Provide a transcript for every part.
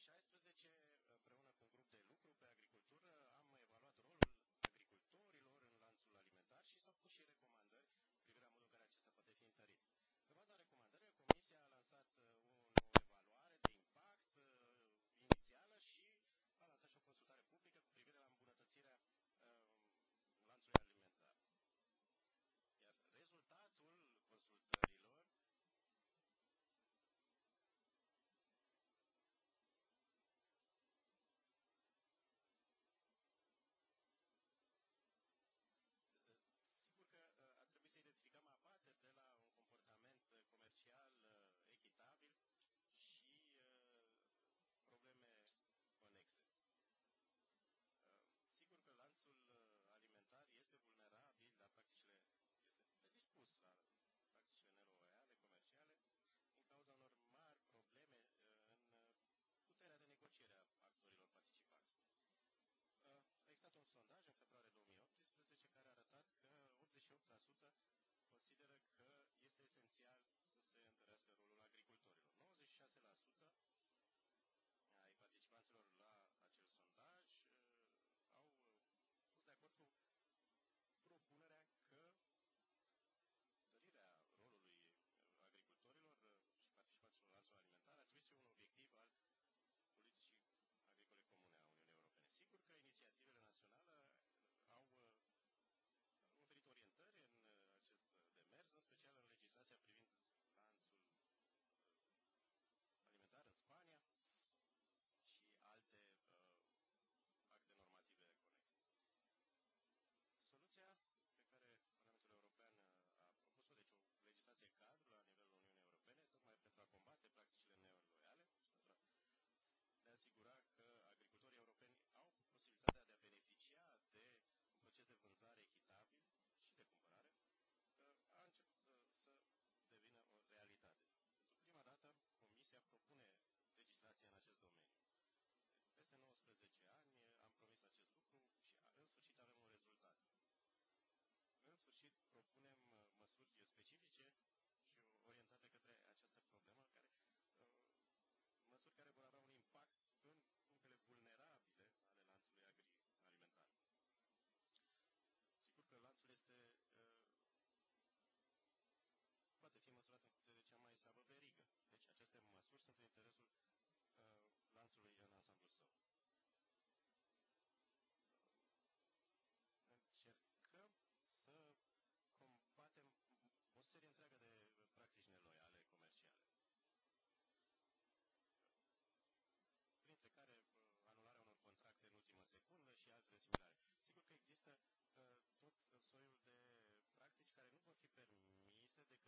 2016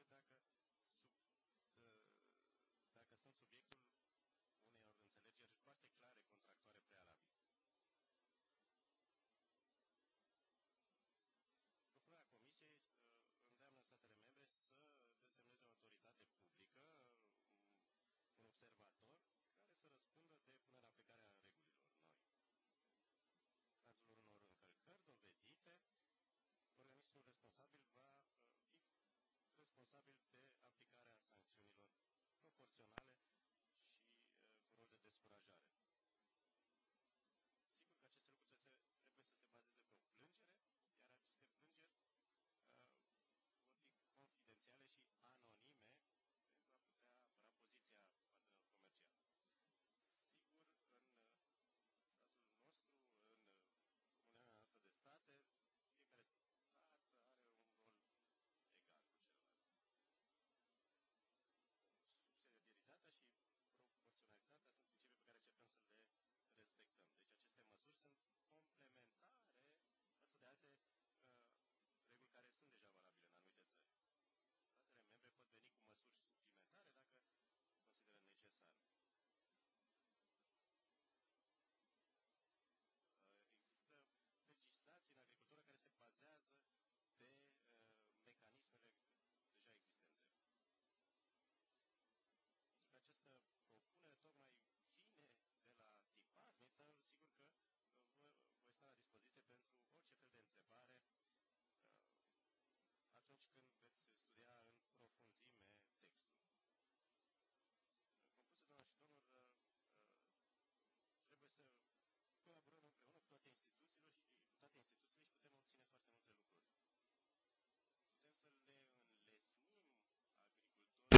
dacă, sub, uh, dacă sunt subiect responsabil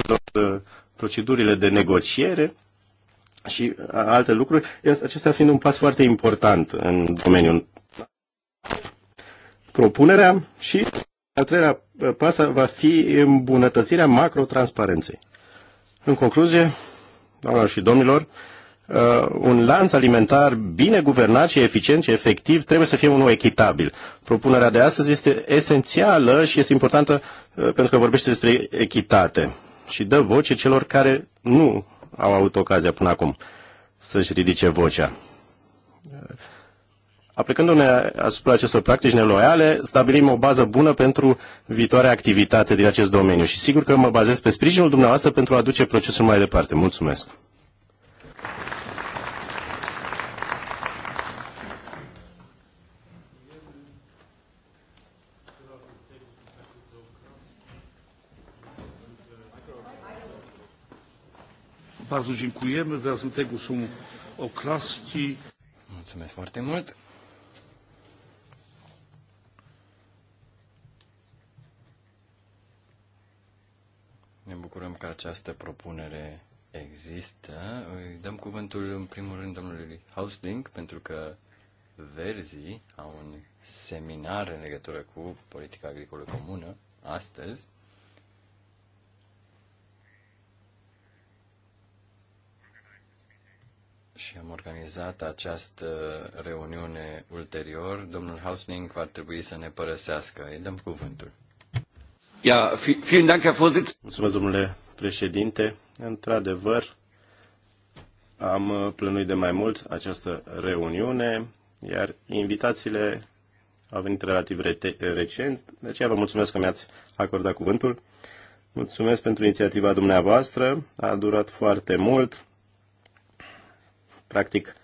tot uh, procedurile de negociere și uh, alte lucruri, acesta fiind un pas foarte important în domeniul propunerea și al treilea uh, pas va fi îmbunătățirea macrotransparenței. În concluzie, doamnelor și domnilor, Uh, un lanț alimentar bine guvernat și eficient și efectiv trebuie să fie unul echitabil. Propunerea de astăzi este esențială și este importantă uh, pentru că vorbește despre echitate și dă voce celor care nu au avut ocazia până acum să-și ridice vocea. Aplicându-ne asupra acestor practici neloiale, stabilim o bază bună pentru viitoarea activitate din acest domeniu și sigur că mă bazez pe sprijinul dumneavoastră pentru a duce procesul mai departe. Mulțumesc! Bardzo dziękujemy. Wyrazem tego są oklaski. Mulțumesc foarte mult. Ne bucurăm că această propunere există. Îi dăm cuvântul în primul rând domnului Hausling pentru că Verzii au un seminar în legătură cu politica agricolă comună astăzi. și am organizat această reuniune ulterior. Domnul Hausning va trebui să ne părăsească. Îi dăm cuvântul. Ja, fi, Dank, Herr Mulțumesc, domnule președinte. Într-adevăr, am plănuit de mai mult această reuniune, iar invitațiile au venit relativ recent, de aceea vă mulțumesc că mi-ați acordat cuvântul. Mulțumesc pentru inițiativa dumneavoastră, a durat foarte mult, practic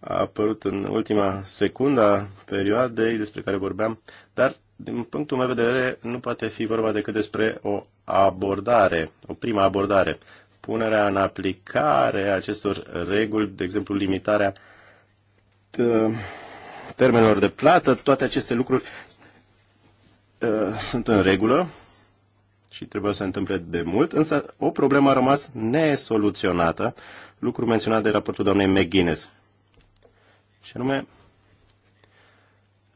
a apărut în ultima secundă a perioadei despre care vorbeam, dar din punctul meu de vedere nu poate fi vorba decât despre o abordare, o prima abordare. Punerea în aplicare a acestor reguli, de exemplu limitarea ă, termenelor de plată, toate aceste lucruri uh, sunt în regulă, și trebuie să se întâmple de mult, însă o problemă a rămas nesoluționată, lucru menționat de raportul doamnei McGuinness. Și anume,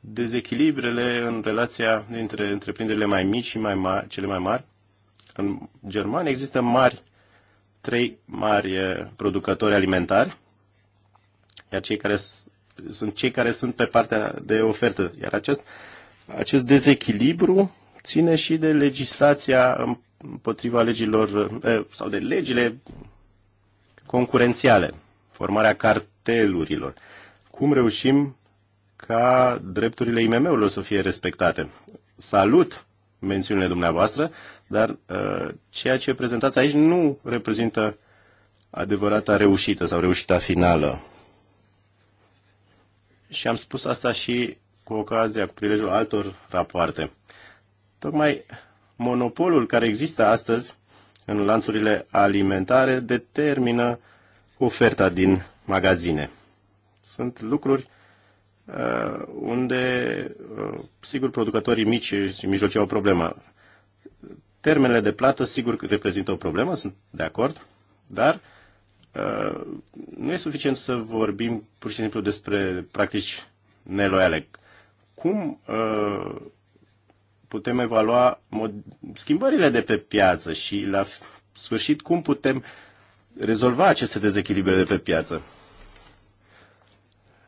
dezechilibrele în relația dintre întreprinderile mai mici și mai mari, cele mai mari. În Germania există mari, trei mari producători alimentari, iar cei care sunt cei care sunt pe partea de ofertă. Iar acest, acest dezechilibru ține și de legislația împotriva legilor sau de legile concurențiale, formarea cartelurilor. Cum reușim ca drepturile IMM-urilor să fie respectate? Salut mențiunile dumneavoastră, dar ceea ce prezentați aici nu reprezintă adevărata reușită sau reușita finală. Și am spus asta și cu ocazia, cu prilejul altor rapoarte. Tocmai monopolul care există astăzi în lanțurile alimentare determină oferta din magazine. Sunt lucruri uh, unde, uh, sigur, producătorii mici și mijlocii au o problemă. Termenele de plată, sigur, reprezintă o problemă, sunt de acord, dar uh, nu e suficient să vorbim pur și simplu despre practici neloiale. Cum uh, putem evalua schimbările de pe piață și la sfârșit cum putem rezolva aceste dezechilibre de pe piață.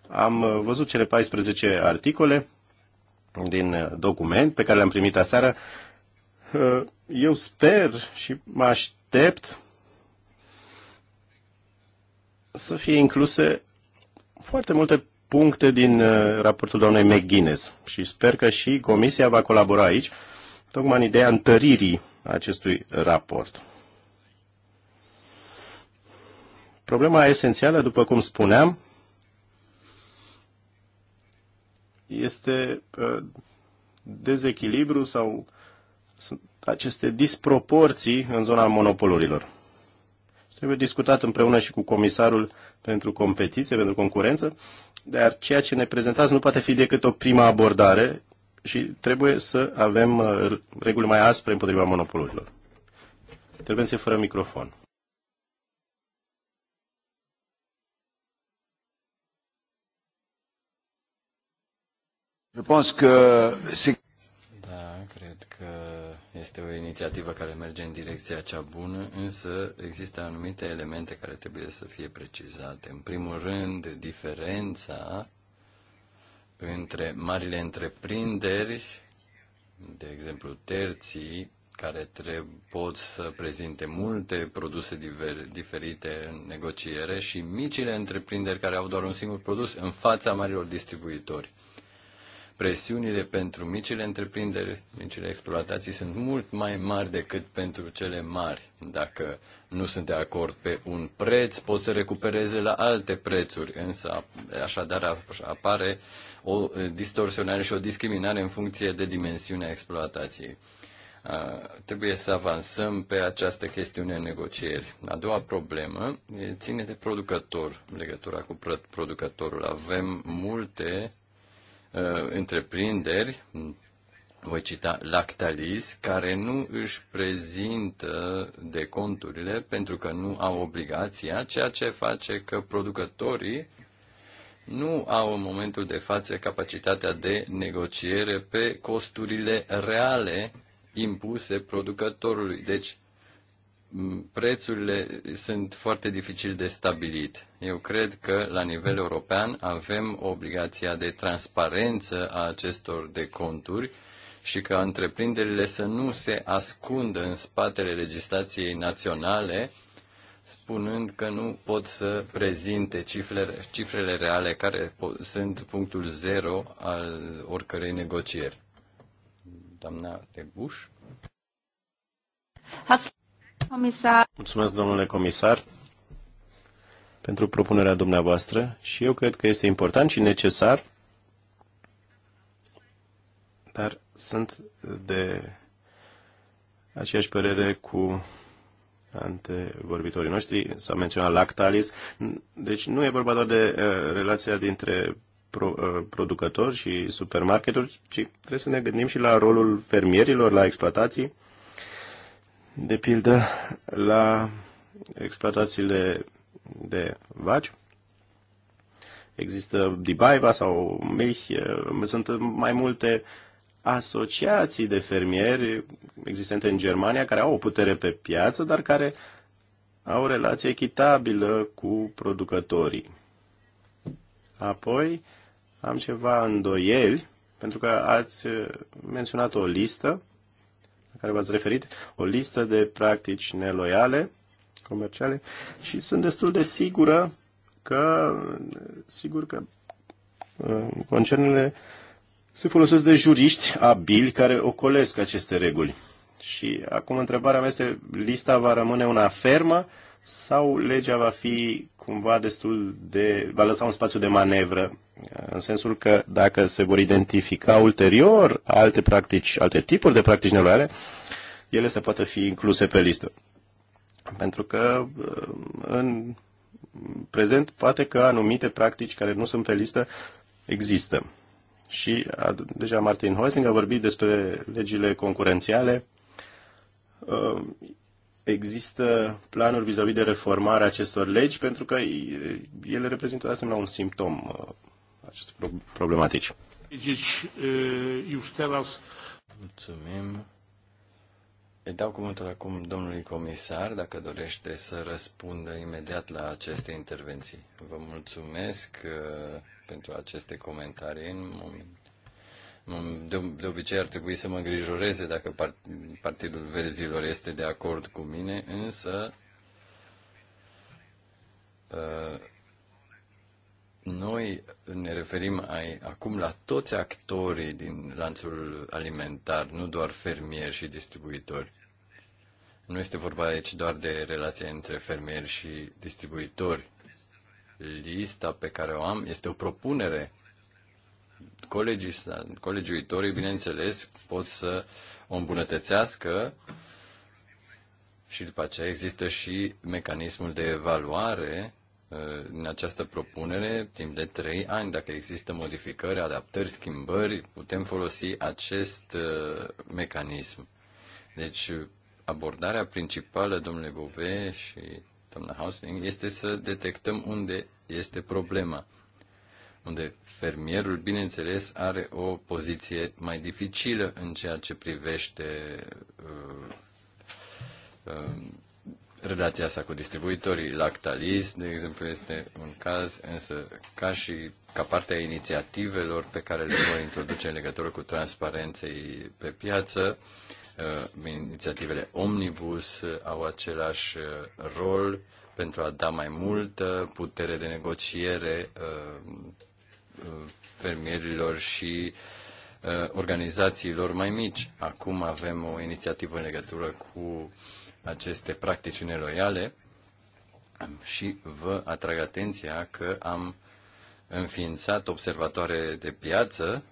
Am uh, văzut cele 14 articole din uh, document pe care le-am primit aseară. Uh, eu sper și mă aștept să fie incluse foarte multe puncte din uh, raportul doamnei McGuinness și sper că și Comisia va colabora aici, tocmai în ideea întăririi acestui raport. Problema esențială, după cum spuneam, este uh, dezechilibru sau aceste disproporții în zona monopolurilor trebuie discutat împreună și cu comisarul pentru competiție, pentru concurență, dar ceea ce ne prezentați nu poate fi decât o prima abordare și trebuie să avem uh, reguli mai aspre împotriva monopolurilor. Intervenție fără microfon. Je pense que c'est este o inițiativă care merge în direcția cea bună, însă există anumite elemente care trebuie să fie precizate. În primul rând, diferența între marile întreprinderi, de exemplu terții, care treb pot să prezinte multe produse diver, diferite în negociere și micile întreprinderi care au doar un singur produs în fața marilor distribuitori presiunile pentru micile întreprinderi, micile exploatații sunt mult mai mari decât pentru cele mari. Dacă nu sunt de acord pe un preț, pot să recupereze la alte prețuri, însă așadar apare o distorsionare și o discriminare în funcție de dimensiunea exploatației. Trebuie să avansăm pe această chestiune în negocieri. A doua problemă ține de producător, legătura cu producătorul. Avem multe Uh, întreprinderi, voi cita Lactalis, care nu își prezintă de conturile pentru că nu au obligația, ceea ce face că producătorii nu au în momentul de față capacitatea de negociere pe costurile reale impuse producătorului. Deci, prețurile sunt foarte dificil de stabilit. Eu cred că la nivel european avem obligația de transparență a acestor de conturi și că întreprinderile să nu se ascundă în spatele legislației naționale, spunând că nu pot să prezinte cifrele, cifrele reale care sunt punctul zero al oricărei negocieri. Doamna Tebuș? Ați Comisar. Mulțumesc, domnule comisar, pentru propunerea dumneavoastră și eu cred că este important și necesar, dar sunt de aceeași părere cu antevorbitorii noștri, s-a menționat lactalis, deci nu e vorba doar de uh, relația dintre uh, producători și supermarketuri, ci trebuie să ne gândim și la rolul fermierilor, la exploatații, de pildă, la exploatațiile de vaci. Există dibaiva sau Milch, eh, sunt mai multe asociații de fermieri existente în Germania care au o putere pe piață, dar care au o relație echitabilă cu producătorii. Apoi am ceva îndoieli, pentru că ați menționat o listă la care v-ați referit, o listă de practici neloiale comerciale și sunt destul de sigură că, sigur că uh, concernele se folosesc de juriști abili care ocolesc aceste reguli. Și acum întrebarea mea este, lista va rămâne una fermă sau legea va fi cumva destul de, va lăsa un spațiu de manevră, în sensul că dacă se vor identifica ulterior alte practici, alte tipuri de practici neloiale, ele se poate fi incluse pe listă. Pentru că în prezent poate că anumite practici care nu sunt pe listă există. Și a, deja Martin Hoisling a vorbit despre legile concurențiale există planuri vis-a-vis -vis de reformarea acestor legi, pentru că ele reprezintă de asemenea un simptom uh, acest problematici. Deci, już uh, Mulțumim. Îi dau cuvântul acum domnului comisar, dacă dorește să răspundă imediat la aceste intervenții. Vă mulțumesc uh, pentru aceste comentarii. În moment de, de obicei ar trebui să mă îngrijoreze dacă Partidul Verzilor este de acord cu mine, însă uh, noi ne referim ai, acum la toți actorii din lanțul alimentar, nu doar fermieri și distribuitori. Nu este vorba aici doar de relația între fermieri și distribuitori. Lista pe care o am este o propunere Colegii, uitorii, bineînțeles, pot să o îmbunătățească și după aceea există și mecanismul de evaluare uh, în această propunere, timp de 3 ani, dacă există modificări, adaptări, schimbări, putem folosi acest uh, mecanism. Deci, abordarea principală, domnule Bove și doamna Hausling, este să detectăm unde este problema unde fermierul, bineînțeles, are o poziție mai dificilă în ceea ce privește uh, uh, relația sa cu distribuitorii. Lactalis, de exemplu, este un caz, însă ca și ca parte a inițiativelor pe care le voi introduce în legătură cu transparenței pe piață, uh, inițiativele Omnibus au același uh, rol pentru a da mai multă putere de negociere uh, Uh, fermierilor și uh, organizațiilor mai mici. Acum avem o inițiativă în legătură cu aceste practici neloiale și vă atrag atenția că am înființat observatoare de piață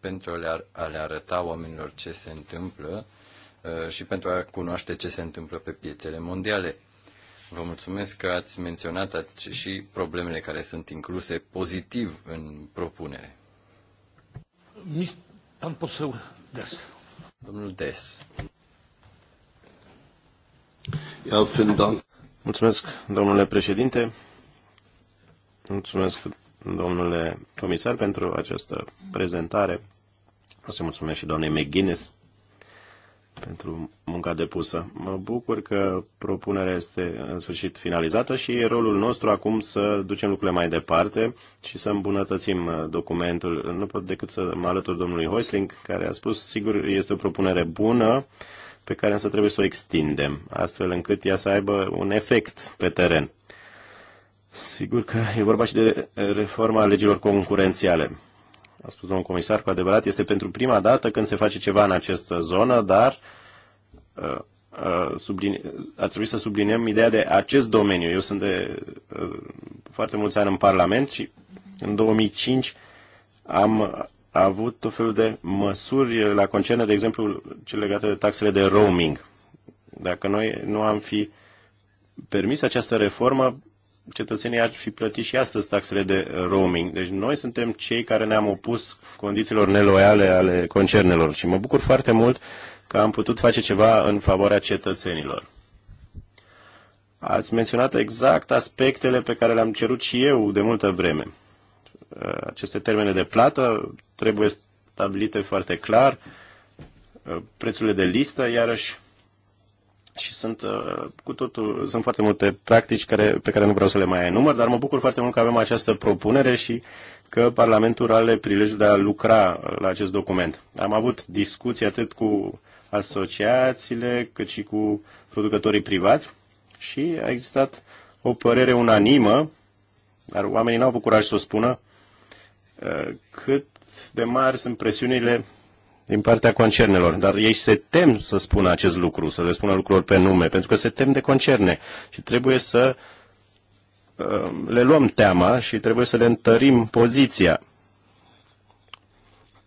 pentru a le arăta oamenilor ce se întâmplă uh, și pentru a cunoaște ce se întâmplă pe piețele mondiale. Vă mulțumesc că ați menționat și problemele care sunt incluse pozitiv în propunere. Am pus eu des. Domnul Des. Mulțumesc, domnule președinte. Mulțumesc, domnule comisar, pentru această prezentare. O să mulțumesc și doamnei McGuinness pentru munca depusă. Mă bucur că propunerea este în sfârșit finalizată și e rolul nostru acum să ducem lucrurile mai departe și să îmbunătățim uh, documentul. Nu pot decât să mă alătur domnului Hoisling, care a spus, sigur, este o propunere bună, pe care însă trebuie să o extindem, astfel încât ea să aibă un efect pe teren. Sigur că e vorba și de reforma legilor concurențiale a spus domnul comisar cu adevărat, este pentru prima dată când se face ceva în această zonă, dar uh, uh, a trebuit să subliniem ideea de acest domeniu. Eu sunt de uh, foarte mulți ani în Parlament și în 2005 am avut tot felul de măsuri la concerne, de exemplu, cele legate de taxele de roaming. Dacă noi nu am fi permis această reformă, cetățenii ar fi plătit și astăzi taxele de roaming. Deci noi suntem cei care ne-am opus condițiilor neloiale ale concernelor și mă bucur foarte mult că am putut face ceva în favoarea cetățenilor. Ați menționat exact aspectele pe care le-am cerut și eu de multă vreme. Aceste termene de plată trebuie stabilite foarte clar, prețurile de listă, iarăși și sunt, uh, cu totul, sunt foarte multe practici care, pe care nu vreau să le mai enumăr, dar mă bucur foarte mult că avem această propunere și că Parlamentul are prilejul de a lucra uh, la acest document. Am avut discuții atât cu asociațiile, cât și cu producătorii privați și a existat o părere unanimă, dar oamenii n-au avut curaj să o spună, uh, cât de mari sunt presiunile din partea concernelor, dar ei se tem să spună acest lucru, să le spună lucrurilor pe nume, pentru că se tem de concerne și trebuie să um, le luăm teama și trebuie să le întărim poziția.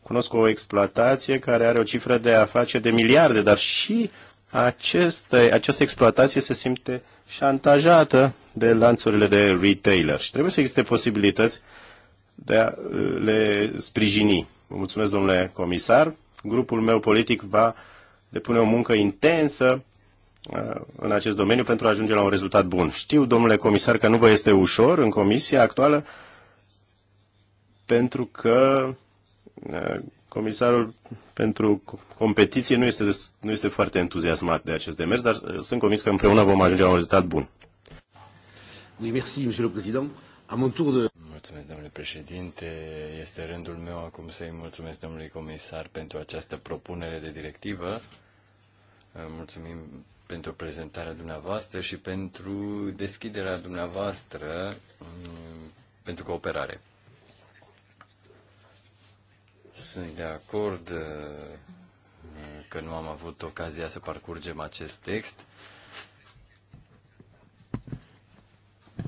Cunosc o exploatație care are o cifră de afaceri de miliarde, dar și aceste, această exploatație se simte șantajată de lanțurile de retailer și trebuie să existe posibilități de a uh, le sprijini. Mulțumesc, domnule comisar grupul meu politic va depune o muncă intensă uh, în acest domeniu pentru a ajunge la un rezultat bun. Știu, domnule comisar, că nu vă este ușor în comisia actuală, pentru că uh, comisarul pentru competiție nu este, nu este foarte entuziasmat de acest demers, dar uh, sunt convins că împreună vom ajunge la un rezultat bun. Oui, merci, monsieur le président. À mon tour de... Mulțumesc, domnule președinte. Este rândul meu acum să-i mulțumesc domnului comisar pentru această propunere de directivă. Mulțumim pentru prezentarea dumneavoastră și pentru deschiderea dumneavoastră mm, pentru cooperare. Sunt de acord mm, că nu am avut ocazia să parcurgem acest text,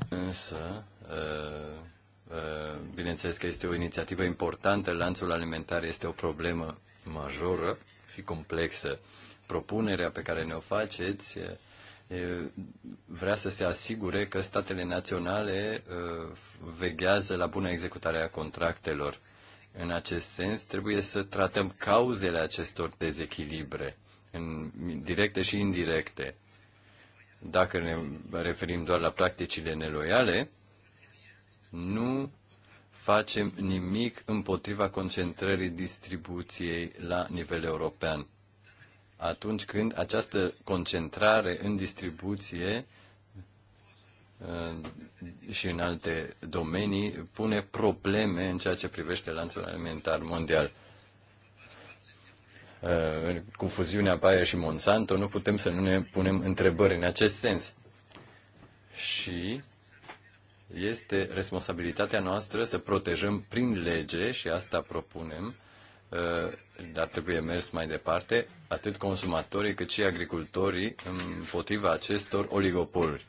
însă mm, Eh, bineînțeles că este o inițiativă importantă, lanțul alimentar este o problemă majoră și complexă. Propunerea pe care ne-o faceți eh, vrea să se asigure că statele naționale eh, veghează la bună executare a contractelor. În acest sens, trebuie să tratăm cauzele acestor dezechilibre, în directe și indirecte. Dacă ne referim doar la practicile neloiale, nu facem nimic împotriva concentrării distribuției la nivel european. Atunci când această concentrare în distribuție uh, și în alte domenii pune probleme în ceea ce privește lanțul alimentar mondial. Uh, cu fuziunea Bayer și Monsanto nu putem să nu ne punem întrebări în acest sens. Și este responsabilitatea noastră să protejăm prin lege și asta propunem, uh, dar trebuie mers mai departe, atât consumatorii cât și agricultorii împotriva acestor oligopoluri.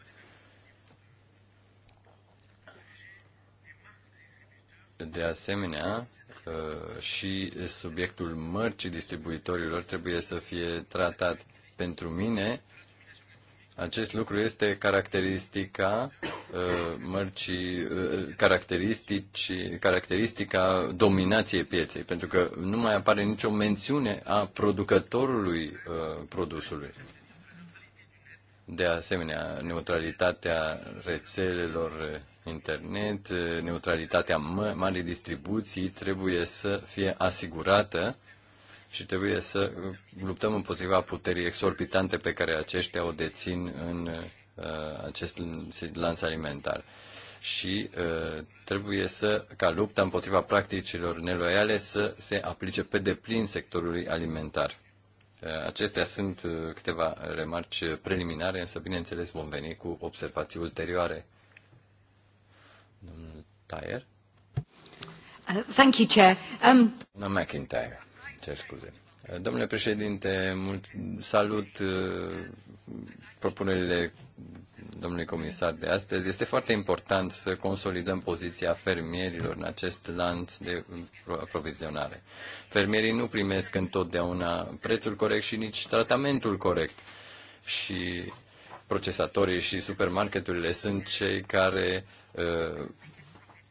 De asemenea, uh, și subiectul mărcii distribuitorilor trebuie să fie tratat. Pentru mine, acest lucru este caracteristica uh, mărcii, uh, caracteristici, caracteristica dominației pieței, pentru că nu mai apare nicio mențiune a producătorului uh, produsului. De asemenea, neutralitatea rețelelor internet, neutralitatea marii distribuții trebuie să fie asigurată și trebuie să uh, luptăm împotriva puterii exorbitante pe care aceștia o dețin în uh, acest lanț alimentar. Și uh, trebuie să, ca lupta împotriva practicilor neloiale să se aplice pe deplin sectorului alimentar. Uh, acestea sunt uh, câteva remarci preliminare, însă bineînțeles vom veni cu observații ulterioare. Domnul Tyer? Uh, thank you, Chair. Um... No, McIntyre. Cer scuze. Domnule președinte, mult, salut uh, propunerile domnului comisar de astăzi. Este foarte important să consolidăm poziția fermierilor în acest lanț de aprovizionare. Fermierii nu primesc întotdeauna prețul corect și nici tratamentul corect. Și procesatorii și supermarketurile sunt cei care uh,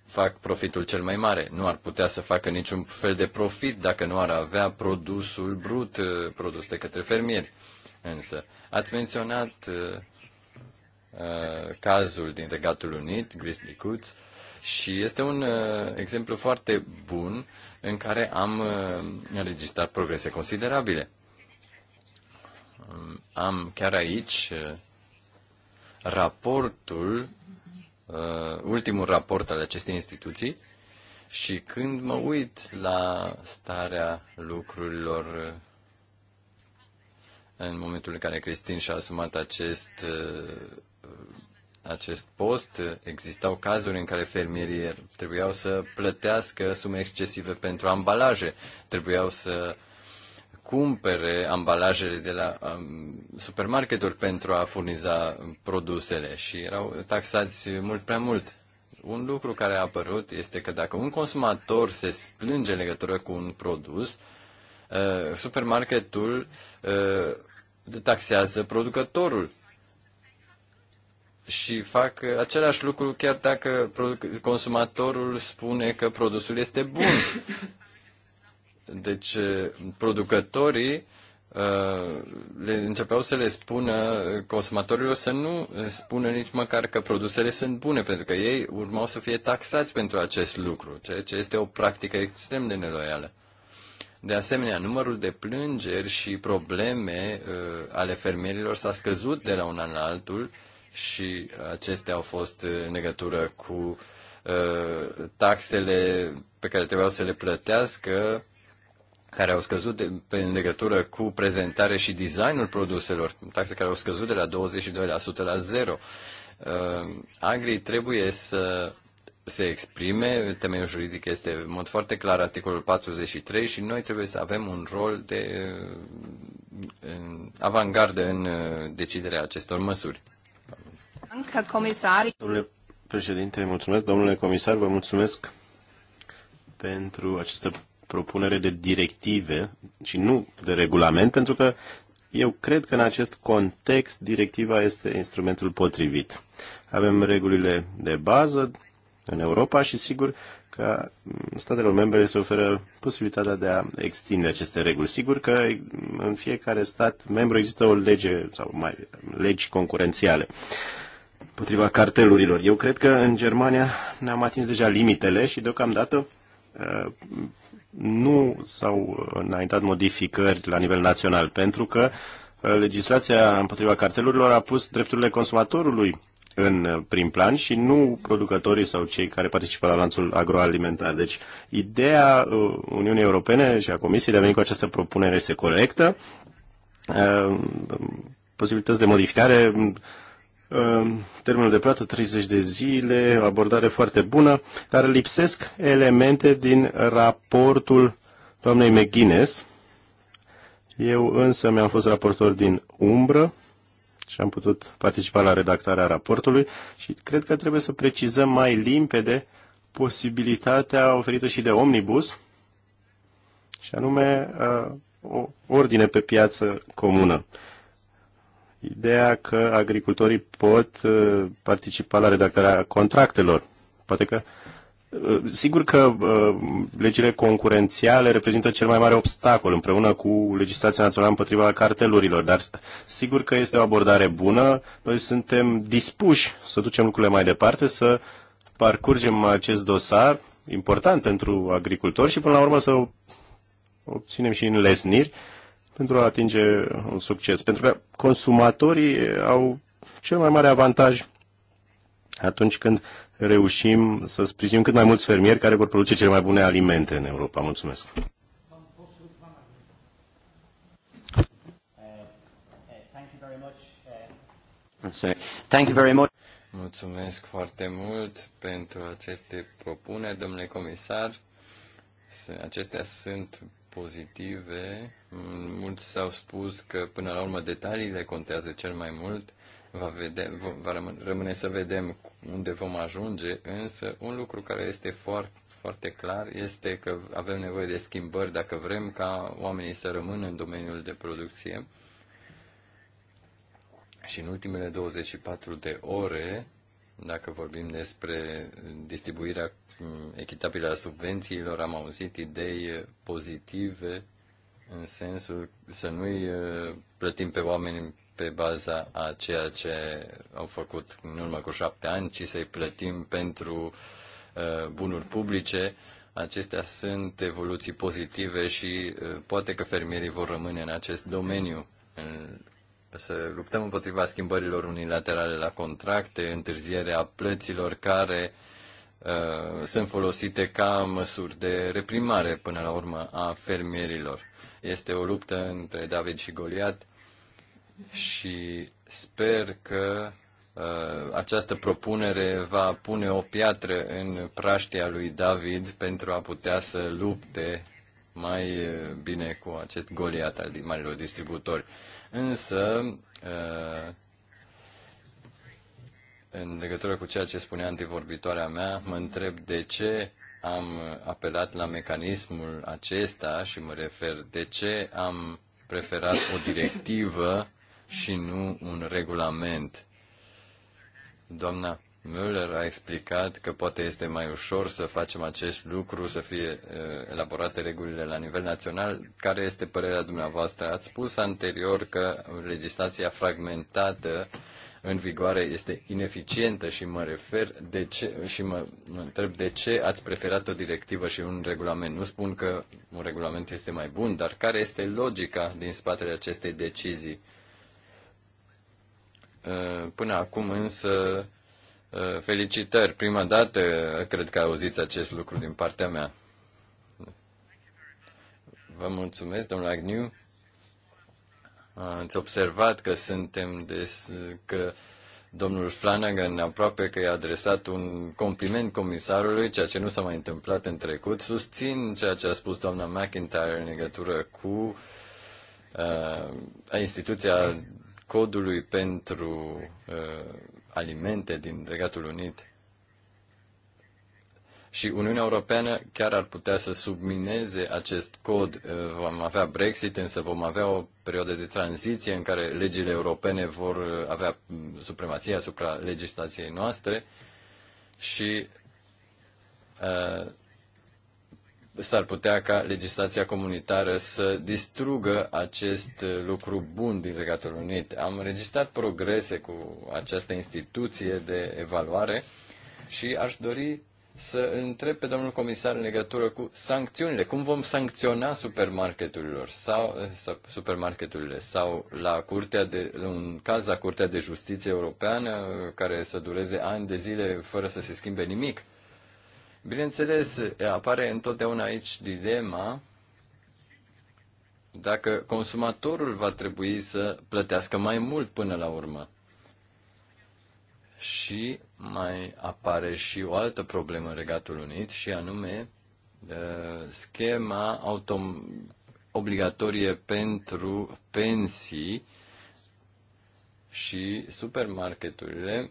fac profitul cel mai mare. Nu ar putea să facă niciun fel de profit dacă nu ar avea produsul brut uh, produs de către fermieri. Însă, ați menționat uh, uh cazul din Regatul Unit, Grizzly Coots, și este un uh, exemplu foarte bun în care am uh, înregistrat progrese considerabile. Um, am chiar aici uh, raportul Uh, ultimul raport al acestei instituții și când mă uit la starea lucrurilor uh, în momentul în care Cristin și-a asumat acest, uh, acest post, existau cazuri în care fermierii trebuiau să plătească sume excesive pentru ambalaje, trebuiau să cumpere ambalajele de la um, supermarketuri pentru a furniza produsele și erau taxați mult prea mult. Un lucru care a apărut este că dacă un consumator se plânge în legătură cu un produs, uh, supermarketul uh, taxează producătorul și fac același lucru chiar dacă consumatorul spune că produsul este bun. Deci, eh, producătorii eh, le începeau să le spună consumatorilor să nu spună nici măcar că produsele sunt bune, pentru că ei urmau să fie taxați pentru acest lucru, ceea ce este o practică extrem de neloială. De asemenea, numărul de plângeri și probleme uh, ale fermierilor s-a scăzut de la un an la altul și acestea au fost în legătură cu uh, taxele pe care trebuiau să le plătească care au scăzut de, pe, în legătură cu prezentare și designul produselor, taxe care au scăzut de la 22% la 0. Uh, Agri trebuie să se exprime, temeiul juridic este în mod foarte clar articolul 43 și noi trebuie să avem un rol de uh, în, avangardă în uh, deciderea acestor măsuri. Încă comisari. Domnule președinte, mulțumesc. Domnule comisar, vă mulțumesc pentru această propunere de directive și nu de regulament, pentru că eu cred că în acest context directiva este instrumentul potrivit. Avem regulile de bază în Europa și sigur că statelor membre se oferă posibilitatea de a extinde aceste reguli. Sigur că în fiecare stat membru există o lege sau mai legi concurențiale potriva cartelurilor. Eu cred că în Germania ne-am atins deja limitele și deocamdată uh, nu s-au uh, înaintat modificări la nivel național, pentru că uh, legislația împotriva cartelurilor a pus drepturile consumatorului în uh, prim plan și nu producătorii sau cei care participă la lanțul agroalimentar. Deci ideea Uniunii Europene și a Comisiei de a veni cu această propunere este corectă. Um, posibilități de modificare Ehm, termenul de plată 30 de zile, o abordare foarte bună, dar lipsesc elemente din raportul doamnei McGuinness. Eu însă mi-am fost raportor din umbră și am putut participa la redactarea raportului și cred că trebuie să precizăm mai limpede posibilitatea oferită și de omnibus, și anume uh, o ordine pe piață comună ideea că agricultorii pot uh, participa la redactarea contractelor. Poate că uh, Sigur că uh, legile concurențiale reprezintă cel mai mare obstacol împreună cu legislația națională împotriva cartelurilor, dar sigur că este o abordare bună. Noi suntem dispuși să ducem lucrurile mai departe, să parcurgem acest dosar important pentru agricultori și până la urmă să obținem și înlesniri pentru a atinge un succes. Pentru că consumatorii au cel mai mare avantaj atunci când reușim să sprijinim cât mai mulți fermieri care vor produce cele mai bune alimente în Europa. Mulțumesc! Thank you very much. Mulțumesc foarte mult pentru aceste propuneri, domnule comisar. Acestea sunt pozitive. Mulți s-au spus că până la urmă detaliile contează cel mai mult. Va, vede, va rămâne, să vedem unde vom ajunge, însă un lucru care este foarte, foarte clar este că avem nevoie de schimbări dacă vrem ca oamenii să rămână în domeniul de producție. Și în ultimele 24 de ore dacă vorbim despre distribuirea echitabilă a subvențiilor, am auzit idei pozitive în sensul să nu-i uh, plătim pe oameni pe baza a ceea ce au făcut în urmă cu șapte ani, ci să-i plătim pentru uh, bunuri publice. Acestea sunt evoluții pozitive și uh, poate că fermierii vor rămâne în acest domeniu în să luptăm împotriva schimbărilor unilaterale la contracte, întârzierea plăților care uh, sunt folosite ca măsuri de reprimare până la urmă a fermierilor. Este o luptă între David și Goliat și sper că uh, această propunere va pune o piatră în praștia lui David pentru a putea să lupte mai uh, bine cu acest Goliat al marilor distributori. Însă, uh, în legătură cu ceea ce spunea antivorbitoarea mea, mă întreb de ce am apelat la mecanismul acesta și mă refer de ce am preferat o directivă și nu un regulament. Doamna Müller a explicat că poate este mai ușor să facem acest lucru, să fie uh, elaborate regulile la nivel național. Care este părerea dumneavoastră? Ați spus anterior că legislația fragmentată în vigoare este ineficientă și mă refer de ce, și mă, mă întreb de ce ați preferat o directivă și un regulament. Nu spun că un regulament este mai bun, dar care este logica din spatele acestei decizii? Uh, până acum însă Uh, felicitări, prima dată uh, cred că auziți acest lucru din partea mea. Vă mulțumesc, domnule Agniu. Ați observat că suntem des, că domnul Flanagan aproape că i-a adresat un compliment comisarului, ceea ce nu s-a mai întâmplat în trecut. Susțin ceea ce a spus doamna McIntyre în legătură cu uh, instituția codului pentru uh, alimente din Regatul Unit. Și Uniunea Europeană chiar ar putea să submineze acest cod. Uh, vom avea Brexit, însă vom avea o perioadă de tranziție în care legile europene vor uh, avea mm, supremație asupra legislației noastre și uh, s-ar putea ca legislația comunitară să distrugă acest lucru bun din Regatul Unit. Am înregistrat progrese cu această instituție de evaluare și aș dori să întreb pe domnul comisar în legătură cu sancțiunile. Cum vom sancționa supermarketurilor sau, sau supermarketurile sau la curtea de, un caz la Curtea de Justiție Europeană care să dureze ani de zile fără să se schimbe nimic? Bineînțeles, apare întotdeauna aici dilema dacă consumatorul va trebui să plătească mai mult până la urmă. Și mai apare și o altă problemă în Regatul Unit, și anume uh, schema autom- obligatorie pentru pensii și supermarketurile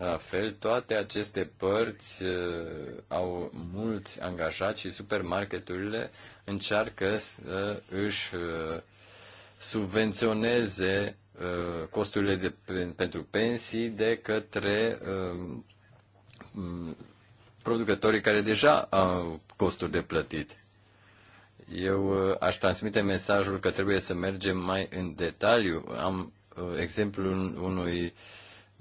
la fel, toate aceste părți uh, au mulți angajați și supermarketurile încearcă să își uh, subvenționeze uh, costurile de, pentru pensii de către um, producătorii care deja au costuri de plătit. Eu aș transmite mesajul că trebuie să mergem mai în detaliu. Am exemplul unui uh,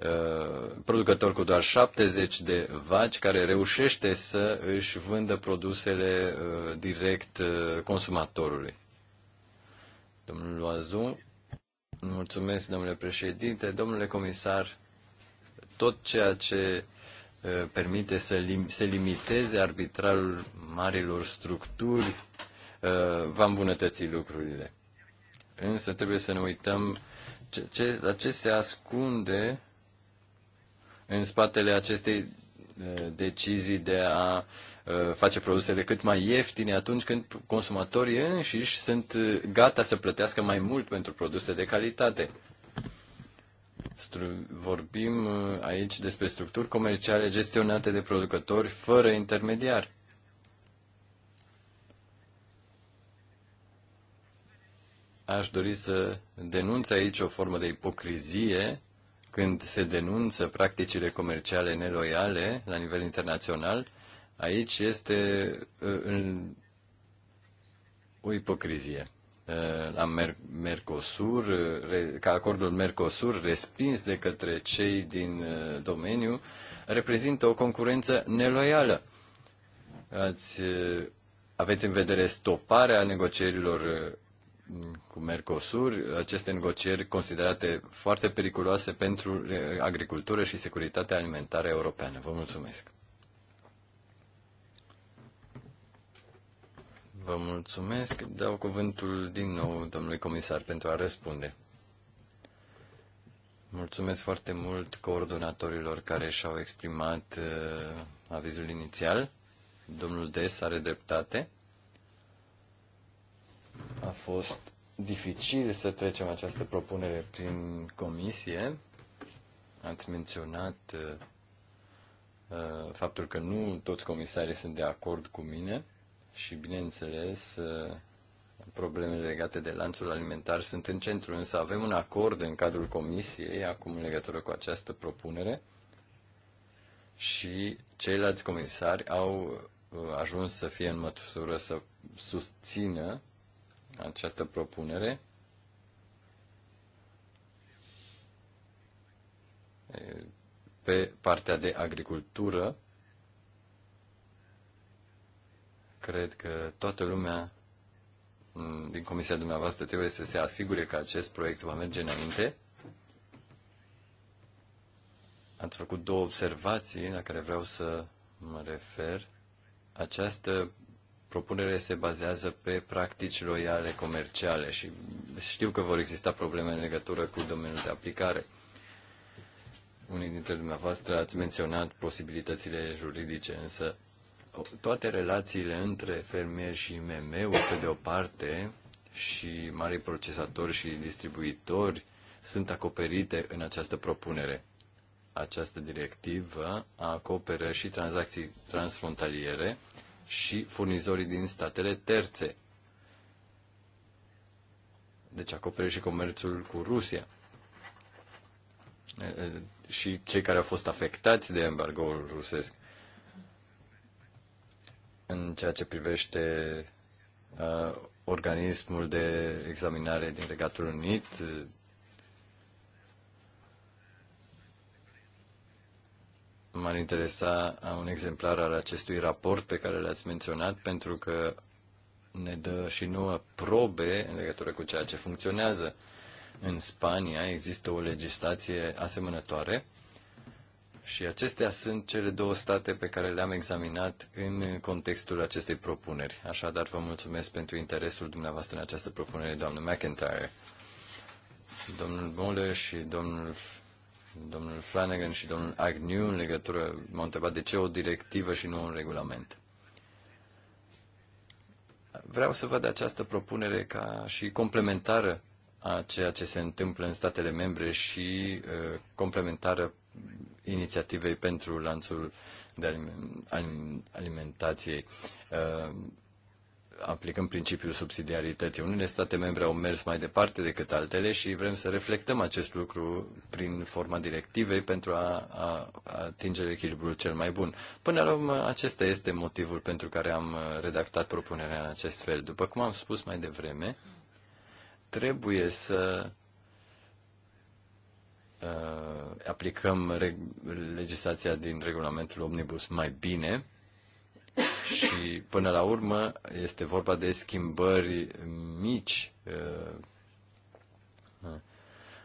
Uh, producător cu doar 70 de vaci care reușește să își vândă produsele uh, direct uh, consumatorului. Domnul Loazu, mulțumesc, domnule președinte, domnule comisar, tot ceea ce permite să lim- se limiteze arbitrarul marilor structuri va îmbunătăți lucrurile. Însă trebuie să ne uităm ce, ce, la ce se ascunde în spatele acestei uh, decizii de a uh, face produsele cât mai ieftine atunci când consumatorii înșiși sunt uh, gata să plătească mai mult pentru produse de calitate. Vorbim aici despre structuri comerciale gestionate de producători fără intermediari. Aș dori să denunț aici o formă de ipocrizie când se denunță practicile comerciale neloiale la nivel internațional, aici este uh, în o ipocrizie. Uh, la Mercosur, uh, ca acordul Mercosur respins de către cei din domeniu, reprezintă o concurență neloială. Ați, aveți în vedere stoparea negocierilor cu Mercosur, aceste negocieri considerate foarte periculoase pentru agricultură și securitatea alimentară europeană. Vă mulțumesc! Vă mulțumesc. Dau cuvântul din nou domnului comisar pentru a răspunde. Mulțumesc foarte mult coordonatorilor care și-au exprimat uh, avizul inițial. Domnul Des are dreptate. A fost dificil să trecem această propunere prin comisie. Ați menționat uh, uh, faptul că nu toți comisarii sunt de acord cu mine și, bineînțeles, uh, problemele legate de lanțul alimentar sunt în centru, însă avem un acord în cadrul comisiei acum în legătură cu această propunere și ceilalți comisari au uh, ajuns să fie în măsură să susțină această propunere. Pe partea de agricultură, cred că toată lumea din comisia dumneavoastră trebuie să se asigure că acest proiect va merge înainte. Ați făcut două observații la care vreau să mă refer. Această propunere se bazează pe practici loiale comerciale și știu că vor exista probleme în legătură cu domeniul de aplicare. Unii dintre dumneavoastră ați menționat posibilitățile juridice, însă toate relațiile între fermieri și IMM-uri, pe de o parte, și mari procesatori și distribuitori sunt acoperite în această propunere. Această directivă acoperă și tranzacții transfrontaliere și furnizorii din statele terțe. Deci acopere și comerțul cu Rusia. Și cei care au fost afectați de embargoul rusesc. În ceea ce privește uh, organismul de examinare din Regatul Unit, m-ar interesa un exemplar al acestui raport pe care l-ați menționat, pentru că ne dă și nouă probe în legătură cu ceea ce funcționează. În Spania există o legislație asemănătoare și acestea sunt cele două state pe care le-am examinat în contextul acestei propuneri. Așadar, vă mulțumesc pentru interesul dumneavoastră în această propunere, doamnă McIntyre. Domnul Muller și domnul domnul Flanagan și domnul Agnew în legătură, m-au întrebat de ce o directivă și nu un regulament. Vreau să văd această propunere ca și complementară a ceea ce se întâmplă în statele membre și uh, complementară inițiativei pentru lanțul de alimentației. Uh, aplicăm principiul subsidiarității. Unele state membre au mers mai departe decât altele și vrem să reflectăm acest lucru prin forma directivei pentru a, a, a atinge echilibrul cel mai bun. Până la urmă, acesta este motivul pentru care am redactat propunerea în acest fel. După cum am spus mai devreme, trebuie să uh, aplicăm reg- legislația din regulamentul Omnibus mai bine și până la urmă este vorba de schimbări mici. Uh,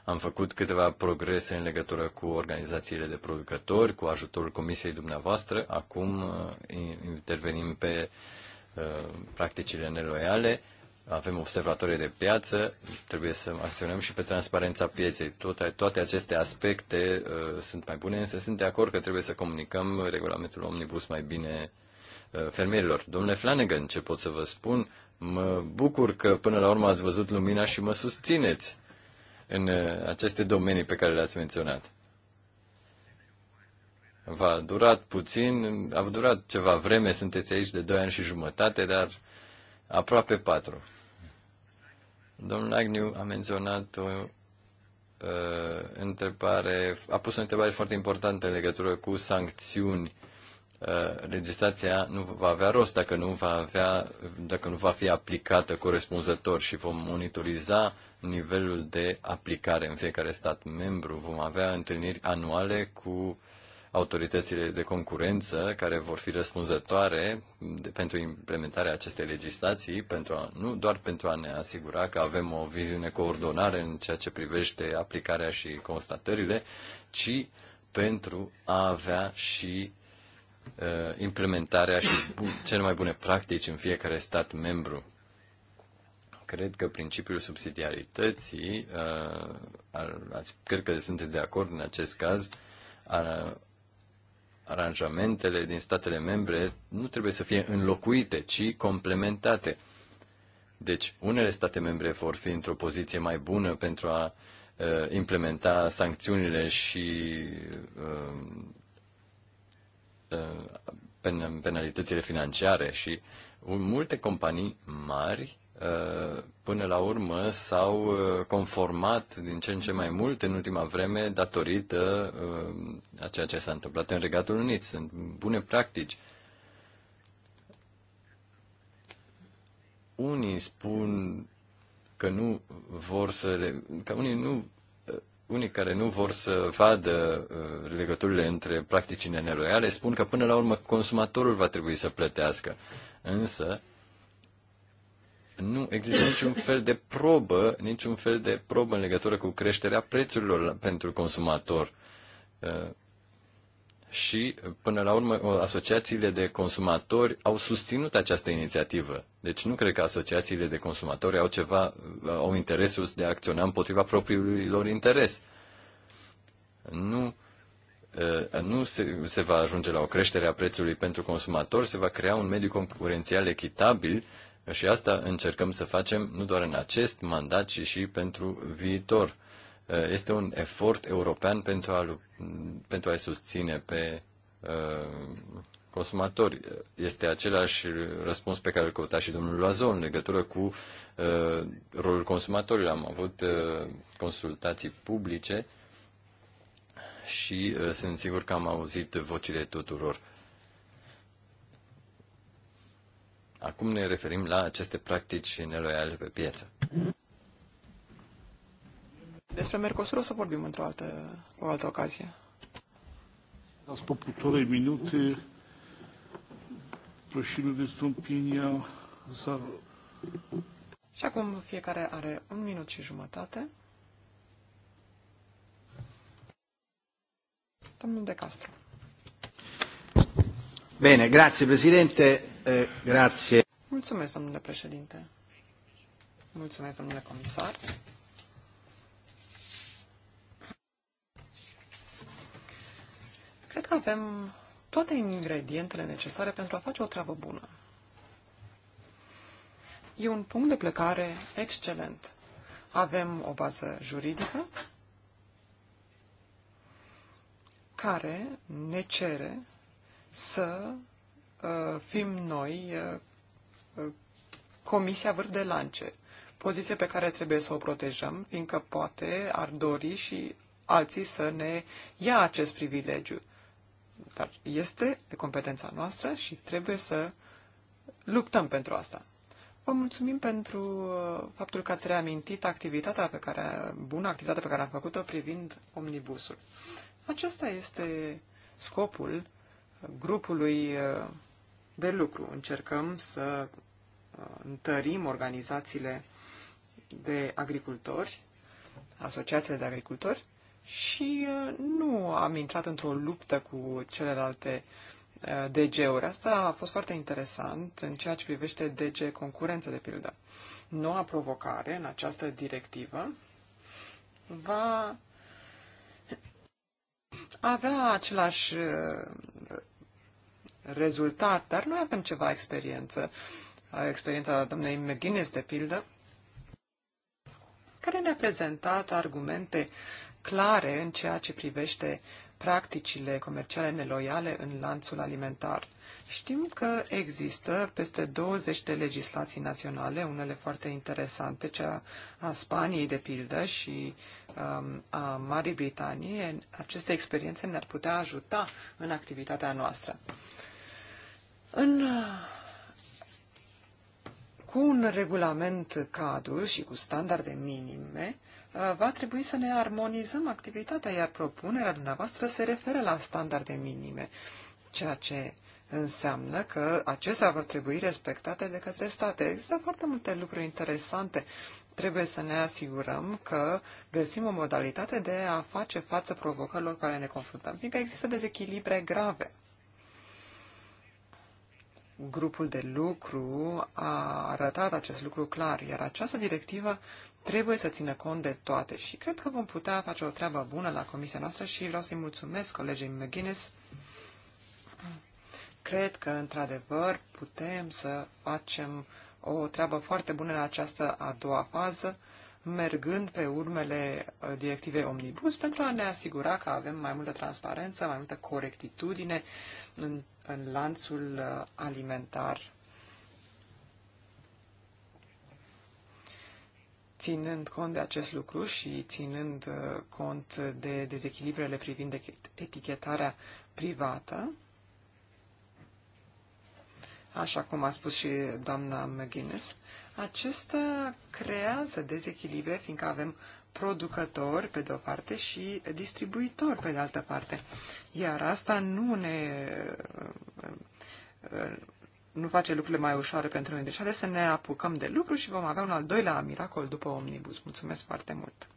am făcut câteva progrese în legătură cu organizațiile de producători, cu ajutorul comisiei dumneavoastră. Acum uh, intervenim pe uh, practicile neloiale, avem observatorii de piață, trebuie să acționăm și pe transparența pieței. Toate, toate aceste aspecte uh, sunt mai bune, însă sunt de acord că trebuie să comunicăm regulamentul Omnibus mai bine Uh, fermierilor. Domnule Flanagan, ce pot să vă spun? Mă bucur că până la urmă ați văzut lumina și mă susțineți în uh, aceste domenii pe care le-ați menționat. V-a durat puțin, a durat ceva vreme, sunteți aici de 2 ani și jumătate, dar aproape 4. Domnul Agniu a menționat o uh, întrebare, a pus o întrebare foarte importantă în legătură cu sancțiuni Uh, legislația nu va avea rost dacă nu va, avea, dacă nu va fi aplicată corespunzător și vom monitoriza nivelul de aplicare în fiecare stat membru. Vom avea întâlniri anuale cu autoritățile de concurență care vor fi răspunzătoare pentru implementarea acestei legislații, pentru a, nu doar pentru a ne asigura că avem o viziune coordonare în ceea ce privește aplicarea și constatările, ci pentru a avea și Uh, implementarea și cele mai bune practici în fiecare stat membru. Cred că principiul subsidiarității, uh, cred că sunteți de acord în acest caz, aranjamentele din statele membre nu trebuie să fie înlocuite, ci complementate. Deci, unele state membre vor fi într-o poziție mai bună pentru a uh, implementa sancțiunile și penalitățile financiare și multe companii mari uh, până la urmă s-au uh, conformat din ce în ce mai mult în ultima vreme datorită uh, a ceea ce s-a întâmplat în Regatul Unit. Sunt bune practici. Unii spun că nu vor să le, că unii nu unii care nu vor să vadă uh, legăturile între practicile neloiale spun că până la urmă consumatorul va trebui să plătească. Însă, nu există niciun fel de probă, niciun fel de probă în legătură cu creșterea prețurilor pentru consumator. Uh, și, până la urmă, asociațiile de consumatori au susținut această inițiativă. Deci nu cred că asociațiile de consumatori au ceva, uh, au interesul de a acționa împotriva propriului lor interes. Nu, uh, nu se, se va ajunge la o creștere a prețului pentru consumator, se va crea un mediu concurențial echitabil și asta încercăm să facem nu doar în acest mandat, ci și pentru viitor Uh, este un efort european pentru a, pentru a susține pe uh, consumatori. Uh, este același răspuns pe care îl căuta și domnul Loazon în legătură cu uh, rolul consumatorilor. Am avut uh, consultații publice și uh, sunt sigur că am auzit vocile tuturor. Acum ne referim la aceste practici neloiale pe piață. Despre Mercosur o să vorbim într-o altă, o altă ocazie. Teraz po minute, minuty de strumpinia zar... Și acum fiecare are un minut și jumătate. Domnul De Castro. Bine, grazie președinte. eh, grazie. Mulțumesc, domnule președinte. Mulțumesc, domnule comisar. Cred că avem toate ingredientele necesare pentru a face o treabă bună. E un punct de plecare excelent. Avem o bază juridică care ne cere să uh, fim noi uh, uh Comisia Vârf de Lance, poziție pe care trebuie să o protejăm, fiindcă poate ar dori și alții să ne ia acest privilegiu. Dar este competența noastră și trebuie să luptăm pentru asta. Vă mulțumim pentru uh, faptul că ați reamintit activitatea pe care, bună activitatea pe care am făcut-o privind omnibusul. Acesta este scopul grupului uh, de lucru. Încercăm să uh, întărim organizațiile de agricultori, asociațiile de agricultori, și uh, nu am intrat într-o luptă cu celelalte uh, DG-uri. Asta a fost foarte interesant în ceea ce privește DG concurență, de pildă. Noua provocare în această directivă va avea același uh, rezultat, dar noi avem ceva experiență. Experiența doamnei McGuinness, de pildă, care ne-a prezentat argumente clare în ceea ce privește practicile comerciale neloiale în lanțul alimentar. Știm că există peste 20 de legislații naționale, unele foarte interesante, cea a Spaniei, de pildă, și um, a Marii Britanii. Aceste experiențe ne-ar putea ajuta în activitatea noastră. În cu un regulament cadru și cu standarde minime, uh, va trebui să ne armonizăm activitatea, iar propunerea dumneavoastră se referă la standarde minime, ceea ce înseamnă că acestea vor trebui respectate de către state. Există foarte multe lucruri interesante. Trebuie să ne asigurăm că găsim o modalitate de a face față provocărilor care ne confruntăm, fiindcă există dezechilibre grave. Grupul de lucru a arătat acest lucru clar, iar această directivă trebuie să țină cont de toate și cred că vom putea face o treabă bună la comisia noastră și vreau să-i mulțumesc colegii McGuinness. Cred că, într-adevăr, putem să facem o treabă foarte bună la această a doua fază mergând pe urmele uh, directivei Omnibus pentru a ne asigura că avem mai multă transparență, mai multă corectitudine în, în lanțul uh, alimentar. Ținând cont de acest lucru și ținând uh, cont de dezechilibrele privind etichetarea privată, așa cum a spus și doamna McGuinness, acesta creează dezechilibre, fiindcă avem producători pe de-o parte și distribuitori pe de altă parte. Iar asta nu ne nu face lucrurile mai ușoare pentru noi. Deci haideți să ne apucăm de lucru și vom avea un al doilea miracol după Omnibus. Mulțumesc foarte mult!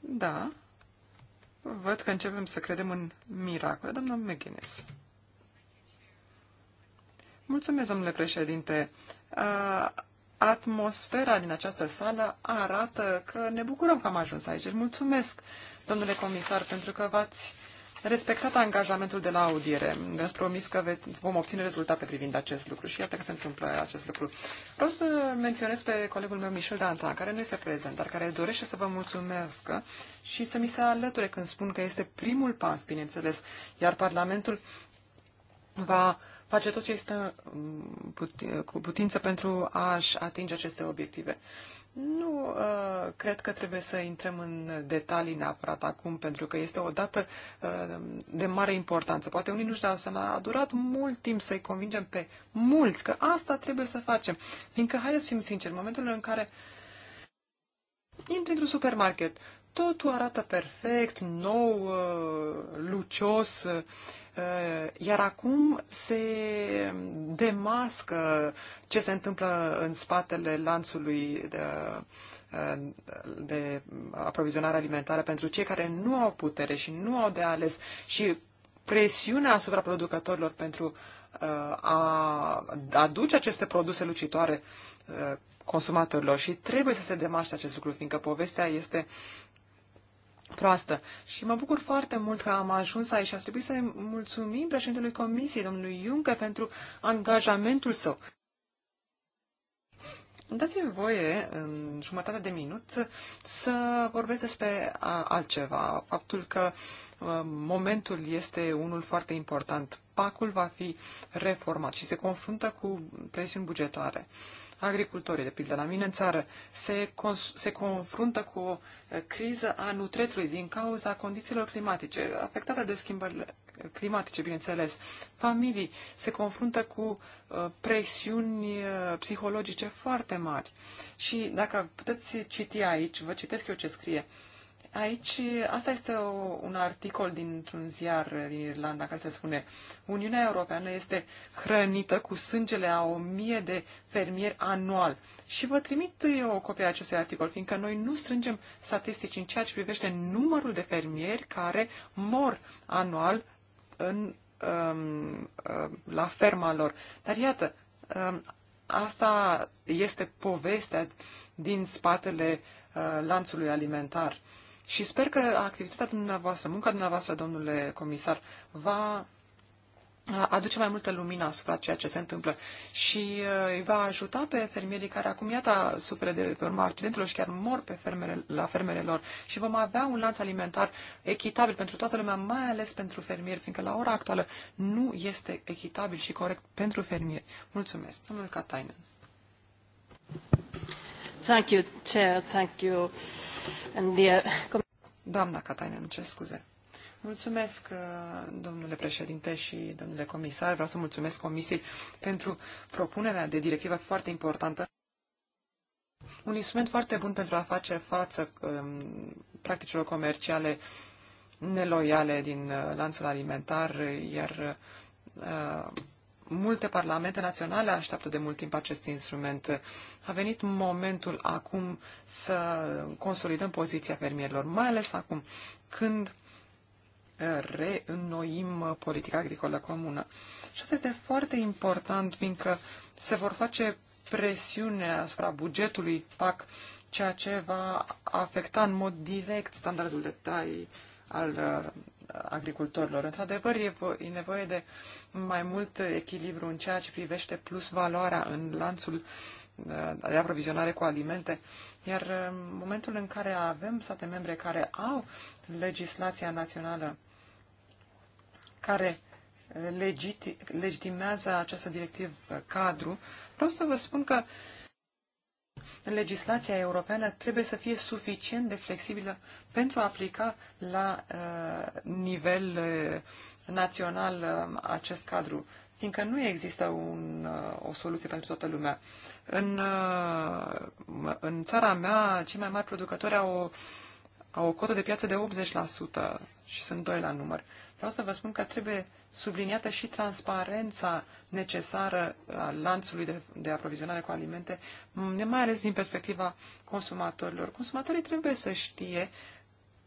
Da, văd că începem să credem în miracole, doamna McGuinness. Mulțumesc, domnule președinte. Atmosfera din această sală arată că ne bucurăm că am ajuns aici. Deci, mulțumesc, domnule comisar, pentru că v-ați respectat angajamentul de la audiere. Ne-ați promis că vom obține rezultate privind acest lucru și iată că se întâmplă acest lucru. Vreau să menționez pe colegul meu, Michel Dantan, care nu este prezent, dar care dorește să vă mulțumesc și să mi se alăture când spun că este primul pas, bineînțeles, iar Parlamentul va face tot ce este mm, cu putință pentru a-și atinge aceste obiective. Nu uh, cred că trebuie să intrăm în detalii neapărat acum, pentru că este o dată uh, de mare importanță. Poate unii nu-și dau seama, a durat mult timp să-i convingem pe mulți că asta trebuie să facem. Fiindcă, haideți să fim sinceri, în momentul în care intri într-un supermarket totul arată perfect, nou, uh, lucios, uh, iar acum se demască ce se întâmplă în spatele lanțului de, uh, de aprovizionare alimentară pentru cei care nu au putere și nu au de ales și presiunea asupra producătorilor pentru a aduce aceste produse lucitoare consumatorilor și trebuie să se demaște acest lucru, fiindcă povestea este proastă. Și mă bucur foarte mult că am ajuns aici și aș trebui să mulțumim președintelui Comisiei, domnului Juncker, pentru angajamentul său. Dați-mi voie, în jumătate de minut, să vorbesc despre altceva. Faptul că uh, momentul este unul foarte important. Pacul va fi reformat și se confruntă cu presiuni bugetare. Agricultorii, de pildă, la mine în țară, se, se confruntă cu o eh, criză a nutrețului din cauza condițiilor climatice, afectată de schimbările climatice, bineînțeles. Familii se confruntă cu eh, presiuni eh, psihologice foarte mari. Și dacă puteți citi aici, vă citesc eu ce scrie. Uh, Aici, asta este o, un articol dintr-un ziar din Irlanda care se spune Uniunea Europeană este hrănită cu sângele a o mie de fermieri anual. Și vă trimit eu o copie a acestui articol, fiindcă noi nu strângem statistici în ceea ce privește numărul de fermieri care mor anual în, um, uh, la ferma lor. Dar iată, um, asta este povestea din spatele uh, lanțului alimentar. Uh, și sper că activitatea dumneavoastră, munca dumneavoastră, domnule comisar, va aduce mai multă lumină asupra ceea ce se întâmplă și uh, îi va ajuta pe fermierii care acum, iată, suferă de pe urma accidentelor și chiar mor pe fermere, la fermele lor și vom avea un lanț alimentar echitabil pentru toată lumea, mai ales pentru fermieri, fiindcă la ora actuală nu este echitabil și corect pentru fermieri. Mulțumesc, domnul Katainen. Doamna scuze. Mulțumesc, uh, domnule președinte și domnule comisar. Vreau să mulțumesc Comisiei pentru propunerea de directivă foarte importantă. Un instrument foarte bun pentru a face față um, practicilor comerciale neloiale din uh, lanțul alimentar, iar uh, multe parlamente naționale așteaptă de mult timp acest instrument. A venit momentul acum să consolidăm poziția fermierilor, mai ales acum când uh, reînnoim politica agricolă comună. Și asta este foarte important, fiindcă se vor face presiune asupra bugetului PAC, ceea ce va afecta în mod direct standardul de trai al uh, agricultorilor. Într-adevăr, e, e nevoie de mai mult echilibru în ceea ce privește plus valoarea în lanțul uh, de aprovizionare cu alimente, iar uh, în momentul în care avem state membre care au legislația națională care legitimează această directivă uh, cadru, vreau să vă spun că uh, legislația europeană trebuie să fie suficient de flexibilă pentru a aplica la uh, nivel uh, național uh, acest cadru, fiindcă nu există un, uh, o soluție pentru toată lumea. În, uh, în țara mea, cei mai mari producători au o, au o cotă de piață de 80% și sunt doi la număr. Vreau să vă spun că trebuie subliniată și transparența necesară a lanțului de, de aprovizionare cu alimente, mm, mai ales din perspectiva consumatorilor. Consumatorii trebuie să știe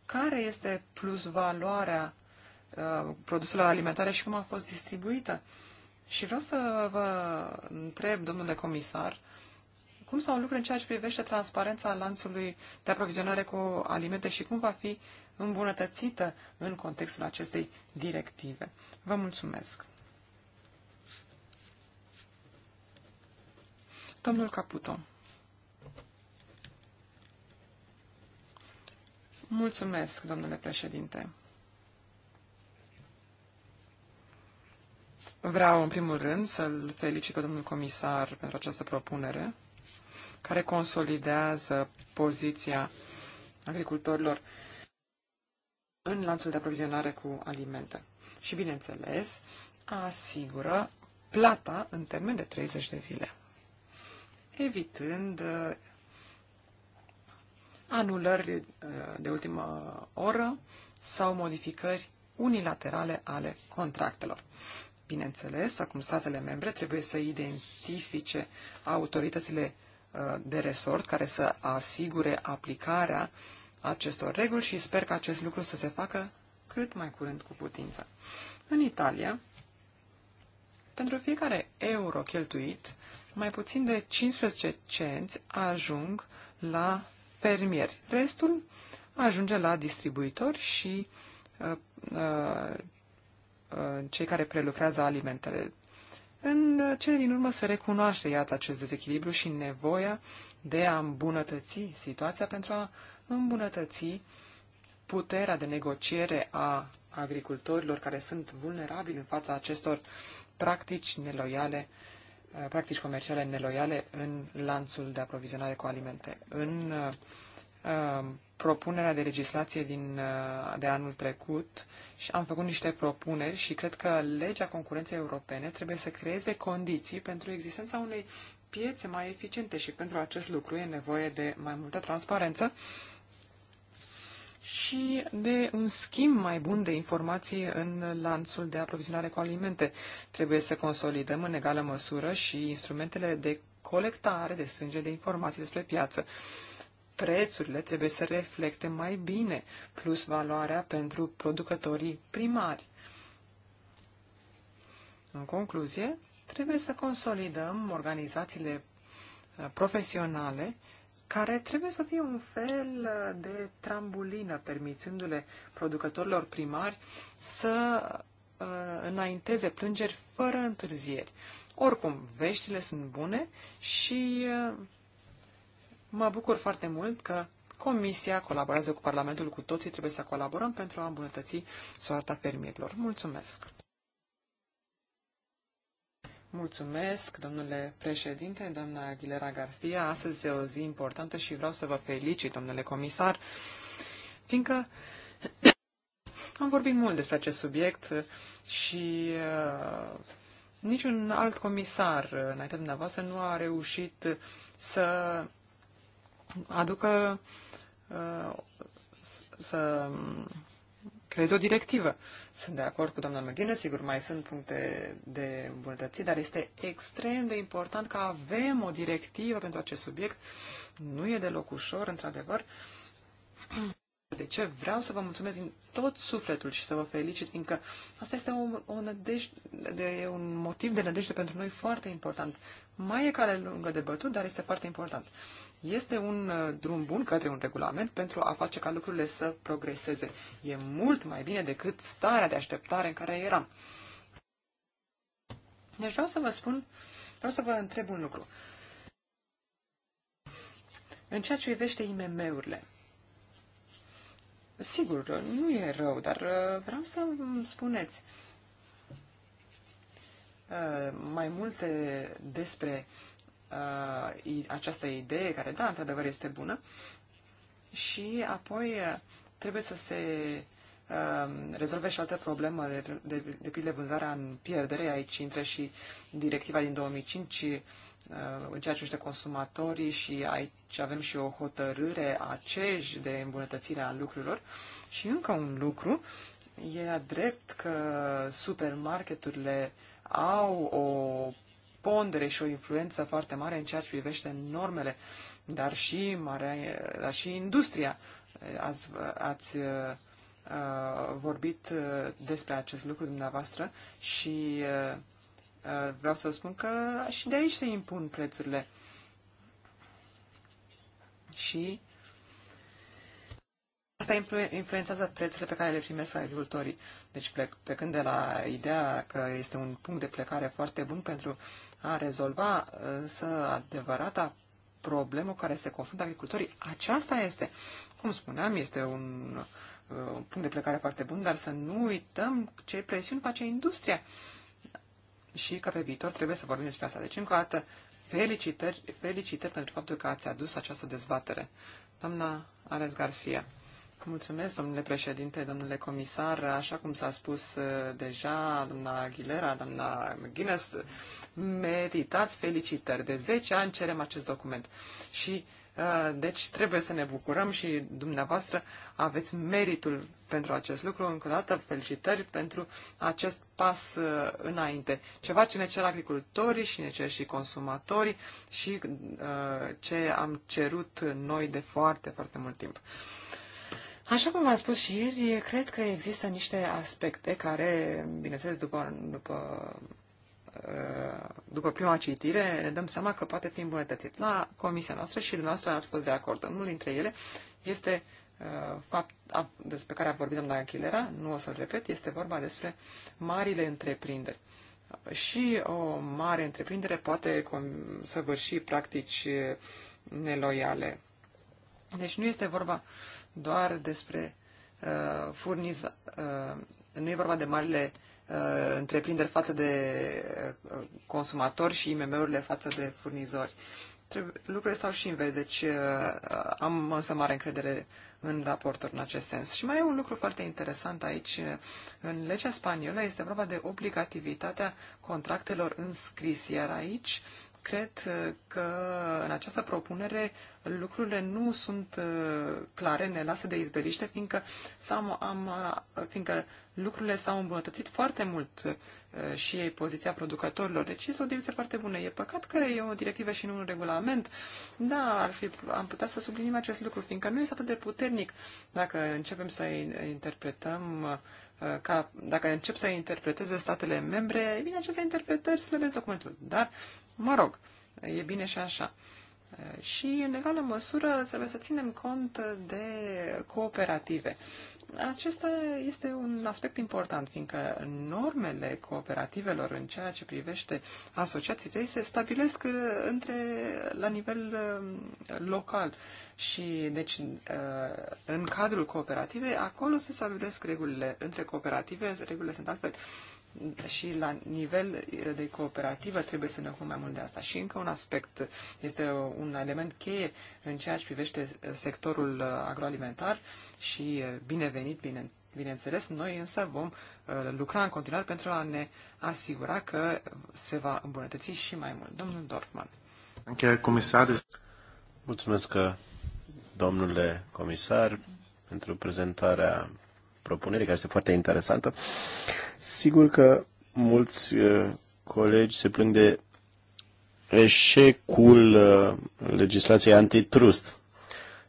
care este plus valoarea uh, produselor alimentare și cum a fost distribuită. Și vreau să vă întreb, domnule comisar, cum s-au lucrurile în ceea ce privește transparența lanțului de aprovizionare cu alimente și cum va fi îmbunătățită în contextul acestei directive. Vă mulțumesc! Domnul Caputo. Mulțumesc, domnule președinte. Vreau, în primul rând, să-l felicit pe domnul comisar pentru această propunere, care consolidează poziția agricultorilor în lanțul de aprovizionare cu alimente. Și, bineînțeles, asigură plata în termen de 30 de zile evitând uh, anulări uh, de ultimă oră sau modificări unilaterale ale contractelor. Bineînțeles, acum statele membre trebuie să identifice autoritățile uh, de resort care să asigure aplicarea acestor reguli și sper că acest lucru să se facă cât mai curând cu putință. În Italia, pentru fiecare euro cheltuit, mai puțin de 15 cenți ajung la fermieri. Restul ajunge la distribuitori și uh, uh, uh cei care prelucrează alimentele. În uh, cele din urmă se recunoaște, iată, acest dezechilibru și nevoia de a îmbunătăți situația pentru a îmbunătăți puterea de negociere a agricultorilor care sunt vulnerabili în fața acestor practici neloiale uh, Uh, practici comerciale neloiale în lanțul de aprovizionare cu alimente. În uh, uh, propunerea de legislație din, de anul trecut și am făcut niște propuneri și cred că legea concurenței europene trebuie să creeze condiții pentru existența unei piețe mai eficiente și pentru acest lucru e nevoie de mai multă transparență și de un schimb mai bun de informații în lanțul de aprovizionare cu alimente. Trebuie să consolidăm în egală măsură și instrumentele de colectare, de strângere de informații despre piață. Prețurile trebuie să reflecte mai bine plus valoarea pentru producătorii primari. În concluzie, trebuie să consolidăm organizațiile profesionale care trebuie să fie un fel de trambulină, permițându-le producătorilor primari să uh, înainteze plângeri fără întârzieri. Oricum, veștile sunt bune și uh, mă bucur foarte mult că Comisia colaborează cu Parlamentul, cu toții trebuie să colaborăm pentru a îmbunătăți soarta fermierilor. Mulțumesc! Mulțumesc, domnule președinte, doamna Aguilera Garcia. Astăzi e o zi importantă și vreau să vă felicit, domnule comisar, fiindcă am vorbit mult despre acest subiect și uh, niciun alt comisar înaintea dumneavoastră nu a reușit să aducă uh, să creezi o directivă. Sunt de acord cu doamna Măghină, sigur mai sunt puncte de îmbunătățit, dar este extrem de important că avem o directivă pentru acest subiect. Nu e deloc ușor, într-adevăr. De ce? Vreau să vă mulțumesc din tot sufletul și să vă felicit, fiindcă asta este o, o nădejde, un motiv de nădejde pentru noi foarte important. Mai e care lungă de bătut, dar este foarte important. Este un uh, drum bun către un regulament pentru a face ca lucrurile să progreseze. E mult mai bine decât starea de așteptare în care eram. Deci vreau să vă spun, vreau să vă întreb un lucru. În ceea ce privește IMM-urile, sigur, nu e rău, dar uh, vreau să îmi spuneți uh, mai multe despre Uh, această idee, care, da, într-adevăr, este bună, și apoi uh, trebuie să se uh, rezolve și altă problemă, de, de, de pildă vânzarea în pierdere, aici intră și directiva din 2005 în ceea ce privește consumatorii și aici avem și o hotărâre a CEJ de îmbunătățire a lucrurilor. Și încă un lucru, e drept că supermarketurile au o pondere și o influență foarte mare în ceea ce privește normele, dar și, mare, dar și industria. Ați, ați uh, vorbit uh, despre acest lucru dumneavoastră și uh, vreau să spun că și de aici se impun prețurile. Și Asta influențează prețurile pe care le primesc agricultorii. Deci plecând de la ideea că este un punct de plecare foarte bun pentru a rezolva însă adevărata problemă care se confruntă agricultorii. Aceasta este, cum spuneam, este un, uh, un punct de plecare foarte bun, dar să nu uităm ce presiuni face industria și că pe viitor trebuie să vorbim despre asta. Deci, încă o dată, felicitări, felicitări pentru faptul că ați adus această dezbatere. Doamna Ares Garcia. Mulțumesc, domnule președinte, domnule comisar. Așa cum s-a spus uh, deja, doamna Aguilera, doamna Guinness, meritați felicitări. De 10 ani cerem acest document și uh, deci trebuie să ne bucurăm și dumneavoastră aveți meritul pentru acest lucru. Încă o dată, felicitări pentru acest pas uh, înainte. Ceva ce ne cer agricultorii și ne cer și consumatorii și ce am cerut noi de foarte, foarte mult timp. Așa cum v-am spus și ieri, cred că există niște aspecte care, bineînțeles, după, după, uh, după prima citire, ne dăm seama că poate fi îmbunătățit. La comisia noastră și dumneavoastră ați fost de acord. Unul dintre ele este uh, fapt despre care a vorbit domnul Achilera, nu o să-l repet, este vorba despre marile întreprinderi. Și o mare întreprindere poate săvârși practici neloiale. Deci nu este vorba doar despre uh, furniza, uh, nu e vorba de marile uh, întreprinderi față de uh, consumatori și IMM-urile față de furnizori. Trebuie, lucrurile stau și invers, deci uh, am însă mare încredere în raportor în acest sens. Și mai e un lucru foarte interesant aici. Uh, în legea spaniolă este vorba de obligativitatea contractelor înscris, iar aici cred uh, că în această propunere lucrurile nu sunt uh, clare, ne lasă de izbeliște, fiindcă, am, am, uh, fiindcă lucrurile s-au îmbunătățit foarte mult și poziția producătorilor. Deci este o direcție foarte bună. E păcat că e o directivă și nu un regulament. Da, ar fi, am putea să subliniem acest lucru, fiindcă nu este atât de puternic dacă începem să interpretăm ca dacă încep să interpreteze statele membre, e bine, aceste interpretări slăbesc documentul. Dar Mă rog, e bine și așa. Și, în egală măsură, trebuie să ținem cont de cooperative. Acesta este un aspect important, fiindcă normele cooperativelor în ceea ce privește asociații se stabilesc uh, între, la nivel uh, local. Și, deci, uh, în cadrul cooperativei, acolo se stabilesc regulile. Între cooperative, regulile sunt altfel și la nivel de cooperativă trebuie să ne ocupăm mai mult de asta. Și încă un aspect este un element cheie în ceea ce privește sectorul uh, agroalimentar și uh, binevenit, bine, bineînțeles, noi însă vom uh, lucra în continuare pentru a ne asigura că se va îmbunătăți și mai mult. Domnul Dorfman. Încheie comisar. Mulțumesc, domnule comisar, pentru prezentarea propunere, care este foarte interesantă. Sigur că mulți uh, colegi se plâng de eșecul uh, legislației antitrust.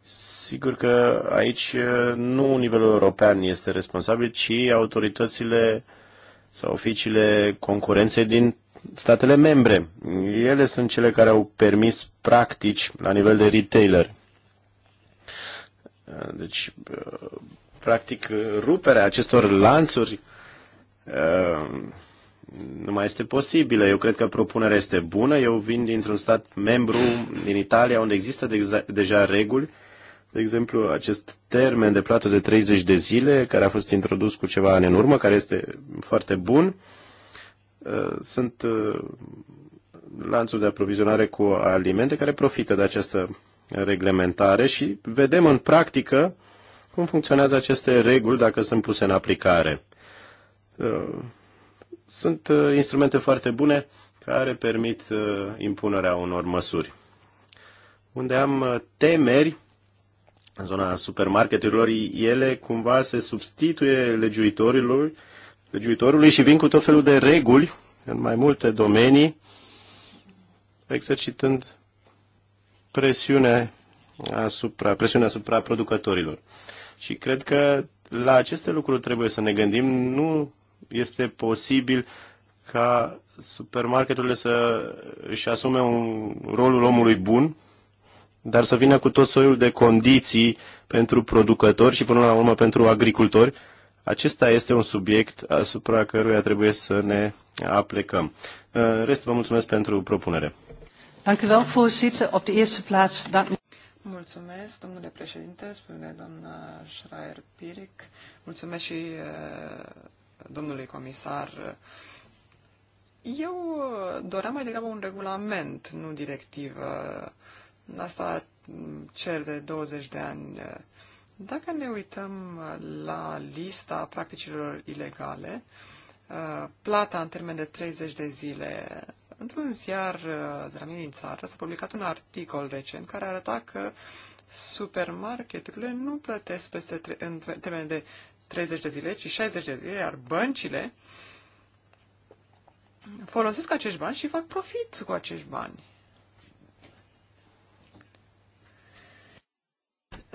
Sigur că aici uh, nu nivelul european este responsabil, ci autoritățile sau oficiile concurenței din statele membre. Ele sunt cele care au permis practici la nivel de retailer. Deci, practic, ruperea acestor lanțuri uh, nu mai este posibilă. Eu cred că propunerea este bună. Eu vin dintr-un stat membru, din Italia, unde există de deja reguli. De exemplu, acest termen de plată de 30 de zile, care a fost introdus cu ceva ani în urmă, care este foarte bun. Uh, sunt uh, lanțuri de aprovizionare cu alimente care profită de această reglementare și vedem în practică cum funcționează aceste reguli dacă sunt puse în aplicare. Uh, sunt uh, instrumente foarte bune care permit uh, impunerea unor măsuri. Unde am temeri în zona supermarketurilor, ele cumva se substituie legiuitorilor, legiuitorului și vin cu tot felul de reguli în mai multe domenii, exercitând presiune asupra, presiune asupra producătorilor. Și cred că la aceste lucruri trebuie să ne gândim. Nu este posibil ca supermarketurile să își asume un rolul omului bun, dar să vină cu tot soiul de condiții pentru producători și până la urmă pentru agricultori. Acesta este un subiect asupra căruia trebuie să ne aplecăm. În rest, vă mulțumesc pentru propunere. Dank u wel, voorzitter. Op de eerste plaats, dank Mulțumesc, domnule președinte, spune doamna Schreier-Piric. Mulțumesc și domnului comisar. Eu doream mai degrabă un regulament, nu directivă. Asta cer de 20 de ani. Dacă ne uităm la lista practicilor ilegale, plata în termen de 30 de zile Într-un ziar uh, de la mine din țară s-a publicat un articol recent care arăta că supermarketurile nu plătesc peste tre- în termen de 30 de zile, ci 60 de zile, iar băncile folosesc acești bani și fac profit cu acești bani.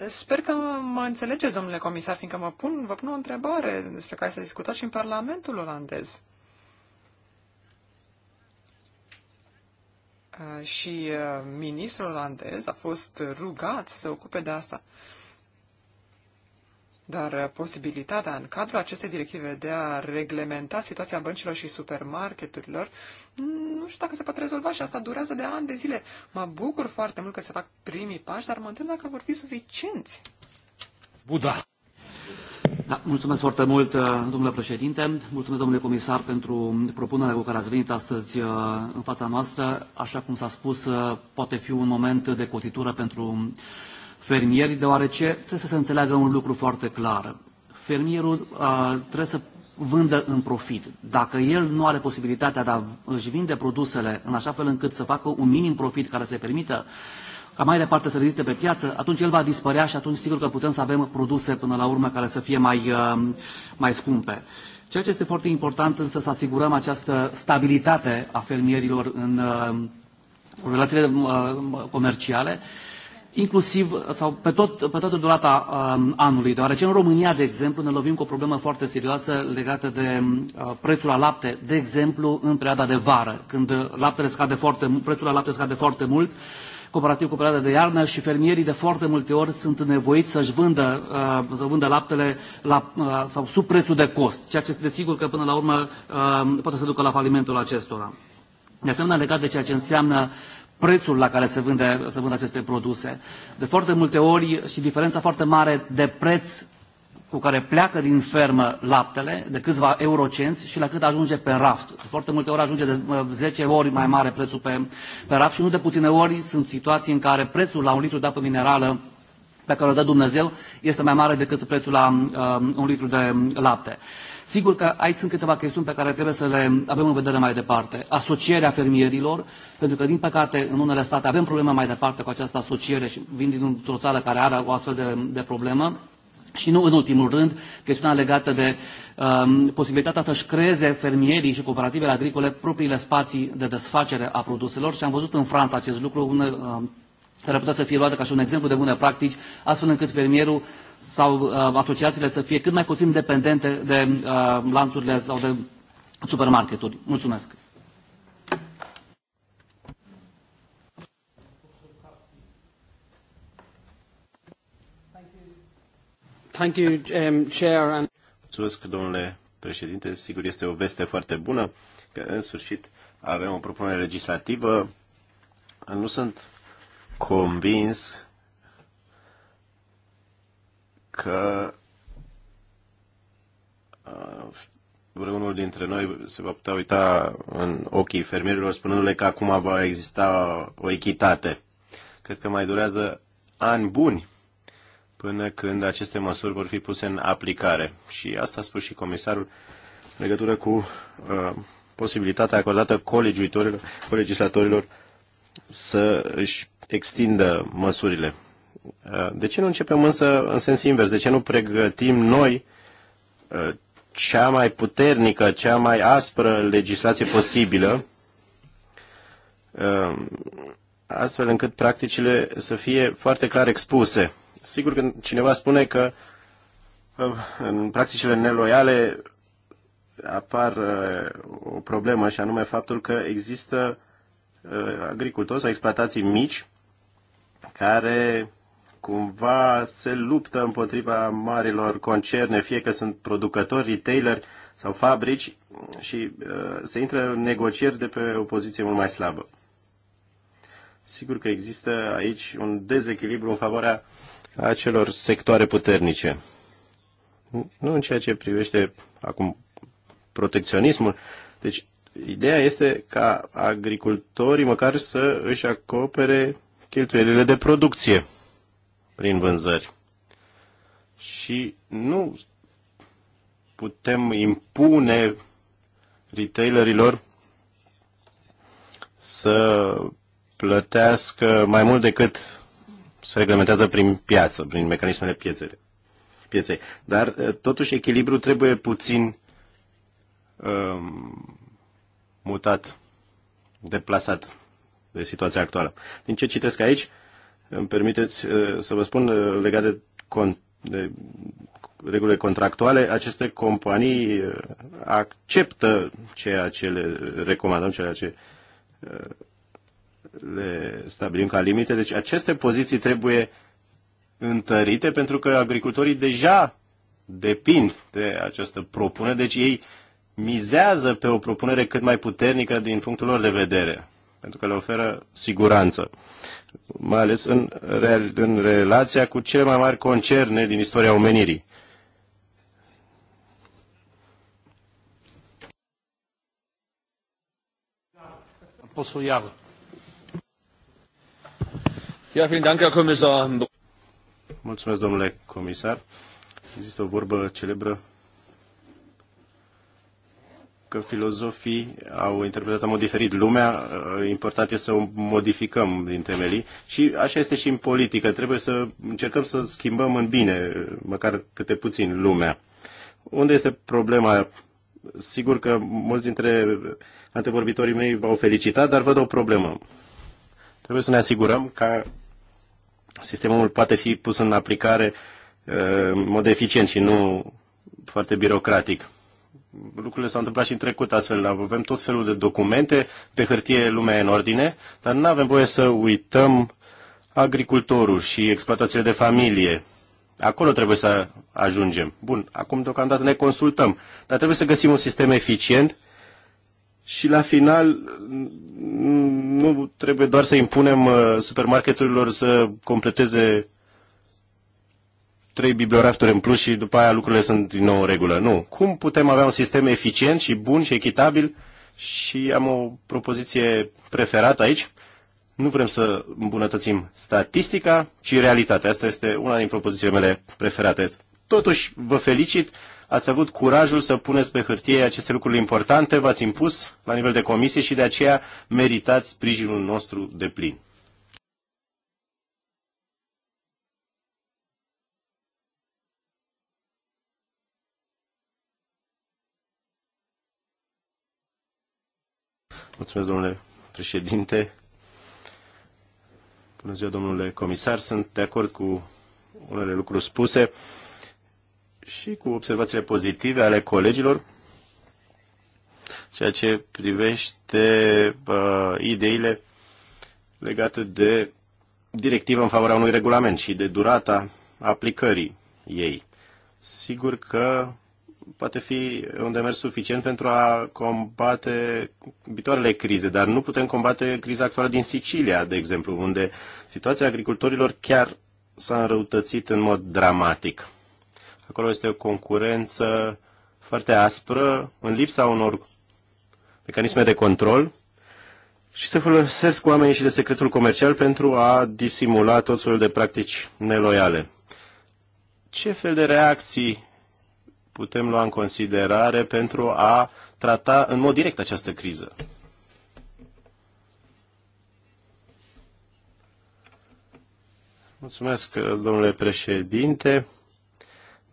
Sper că mă înțelegeți, domnule comisar, fiindcă mă pun, vă pun o întrebare despre care s-a discutat și în Parlamentul olandez. Uh, și uh, ministrul olandez a fost rugat să se ocupe de asta. Dar uh, posibilitatea în cadrul acestei directive de a reglementa situația băncilor și supermarketurilor, mm, nu știu dacă se poate rezolva și asta durează de ani de zile. Mă bucur foarte mult că se fac primii pași, dar mă întreb dacă vor fi suficienți. Buda! Da, mulțumesc foarte mult, uh, domnule președinte. Mulțumesc, domnule comisar, pentru propunerea cu care ați venit astăzi uh, în fața noastră. Așa cum s-a spus, uh, poate fi un moment de cotitură pentru fermieri, deoarece trebuie să se înțeleagă un lucru foarte clar. Fermierul trebuie să vândă în profit. Dacă el nu are posibilitatea de a își vinde produsele în așa fel încât să facă un minim profit care să permită ca mai departe să reziste pe piață, atunci el va dispărea și atunci sigur că putem să avem produse până la urmă care să fie mai, uh, mai scumpe. Ceea ce este foarte important însă să asigurăm această stabilitate a fermierilor în uh, relațiile uh, comerciale, inclusiv sau pe, tot, pe toată durata anului, deoarece în România, de exemplu, ne lovim cu o problemă foarte serioasă legată de prețul la lapte, de exemplu, în perioada de vară, când laptele scade foarte, prețul la lapte scade foarte mult comparativ cu perioada de iarnă și fermierii de foarte multe ori sunt nevoiți să-și vândă, uh, să vândă laptele la, uh, sau sub prețul de cost, ceea ce este desigur că până la urmă uh, poate să ducă la falimentul acestora. De asemenea, legat de ceea ce înseamnă prețul la care se, vânde, se vând aceste produse. De foarte multe ori și diferența foarte mare de preț cu care pleacă din fermă laptele de câțiva eurocenți și la cât ajunge pe raft. Foarte multe ori ajunge de 10 ori mai mare prețul pe, pe raft și nu de puține ori sunt situații în care prețul la un litru de apă minerală pe care o dă Dumnezeu este mai mare decât prețul la uh, un litru de lapte. Sigur că aici sunt câteva chestiuni pe care trebuie să le avem în vedere mai departe. Asocierea fermierilor, pentru că, din păcate, în unele state avem probleme mai departe cu această asociere și vin dintr-o țară care are o astfel de, de problemă și nu în ultimul rând, chestiunea legată de um, posibilitatea să-și creeze fermierii și cooperativele agricole propriile spații de desfacere a produselor și am văzut în Franța acest lucru, un, um, care putea să fie luată ca și un exemplu de bune practici, astfel încât fermierul sau uh, asociațiile să fie cât mai puțin dependente de uh, lanțurile sau de supermarketuri. Mulțumesc! Thank you, um, Chair. And... Mulțumesc, domnule președinte. Sigur, este o veste foarte bună că, în sfârșit, avem o propunere legislativă. Nu sunt convins că uh, vreunul dintre noi se va putea uita în ochii fermierilor spunându-le că acum va exista o echitate. Cred că mai durează ani buni până când aceste măsuri vor fi puse în aplicare. Și asta a spus și comisarul în legătură cu uh, posibilitatea acordată colegislatorilor să își extindă măsurile. Uh, de ce nu începem însă în sens invers? De ce nu pregătim noi uh, cea mai puternică, cea mai aspră legislație posibilă, uh, astfel încât practicile să fie foarte clar expuse. Sigur că cineva spune că uh, în practicile neloiale apar uh, o problemă și anume faptul că există uh, agricultori sau exploatații mici care cumva se luptă împotriva marilor concerne, fie că sunt producători, retaileri sau fabrici și se intră în negocieri de pe o poziție mult mai slabă. Sigur că există aici un dezechilibru în favoarea a sectoare puternice. Nu în ceea ce privește acum protecționismul. Deci, ideea este ca agricultorii măcar să își acopere cheltuielile de producție prin vânzări. Și nu putem impune retailerilor să plătească mai mult decât se reglementează prin piață, prin mecanismele piețele, pieței. Dar uh, totuși echilibru trebuie puțin um, mutat, deplasat de situația actuală. Din ce citesc aici, îmi permiteți uh, să vă spun uh, legat de, con- de regulile contractuale, aceste companii uh, acceptă ceea ce le recomandăm, ceea ce uh, le stabilim ca limite. Deci aceste poziții trebuie întărite pentru că agricultorii deja depind de această propunere, deci ei mizează pe o propunere cât mai puternică din punctul lor de vedere, pentru că le oferă siguranță, mai ales în, în relația cu cele mai mari concerne din istoria omenirii. Posso Iară. Mulțumesc, domnule comisar. Există o vorbă celebră că filozofii au interpretat în mod diferit lumea, ă, important este să o modificăm din temelii și așa este și în politică, trebuie să încercăm să schimbăm în bine, măcar câte puțin, lumea. Unde este problema? Sigur că mulți dintre antevorbitorii mei v-au felicitat, dar văd o problemă. Trebuie să ne asigurăm că sistemul poate fi pus în aplicare uh, în mod eficient și nu foarte birocratic. Lucrurile s-au întâmplat și în trecut astfel. Avem tot felul de documente, pe hârtie lumea în ordine, dar nu avem voie să uităm agricultorul și exploatațiile de familie. Acolo trebuie să ajungem. Bun, acum deocamdată ne consultăm, dar trebuie să găsim un sistem eficient și la final nu trebuie doar să impunem uh, supermarketurilor să completeze trei bibliorafturi în plus și după aia lucrurile sunt din nou în regulă. Nu. Cum putem avea un sistem eficient și bun și echitabil și am o propoziție preferată aici. Nu vrem să îmbunătățim statistica, ci realitatea. Asta este una din propozițiile mele preferate. Totuși, vă felicit, ați avut curajul să puneți pe hârtie aceste lucruri importante, v-ați impus la nivel de comisie și de aceea meritați sprijinul nostru de plin. Mulțumesc, domnule președinte. Bună ziua, domnule comisar. Sunt de acord cu unele lucruri spuse și cu observațiile pozitive ale colegilor, ceea ce privește uh, ideile legate de directivă în favoarea unui regulament și de durata aplicării ei. Sigur că poate fi un demers suficient pentru a combate viitoarele crize, dar nu putem combate criza actuală din Sicilia, de exemplu, unde situația agricultorilor chiar s-a înrăutățit în mod dramatic. Acolo este o concurență foarte aspră, în lipsa unor mecanisme de control și se folosesc oamenii și de secretul comercial pentru a disimula tot felul de practici neloiale. Ce fel de reacții putem lua în considerare pentru a trata în mod direct această criză? Mulțumesc, domnule președinte.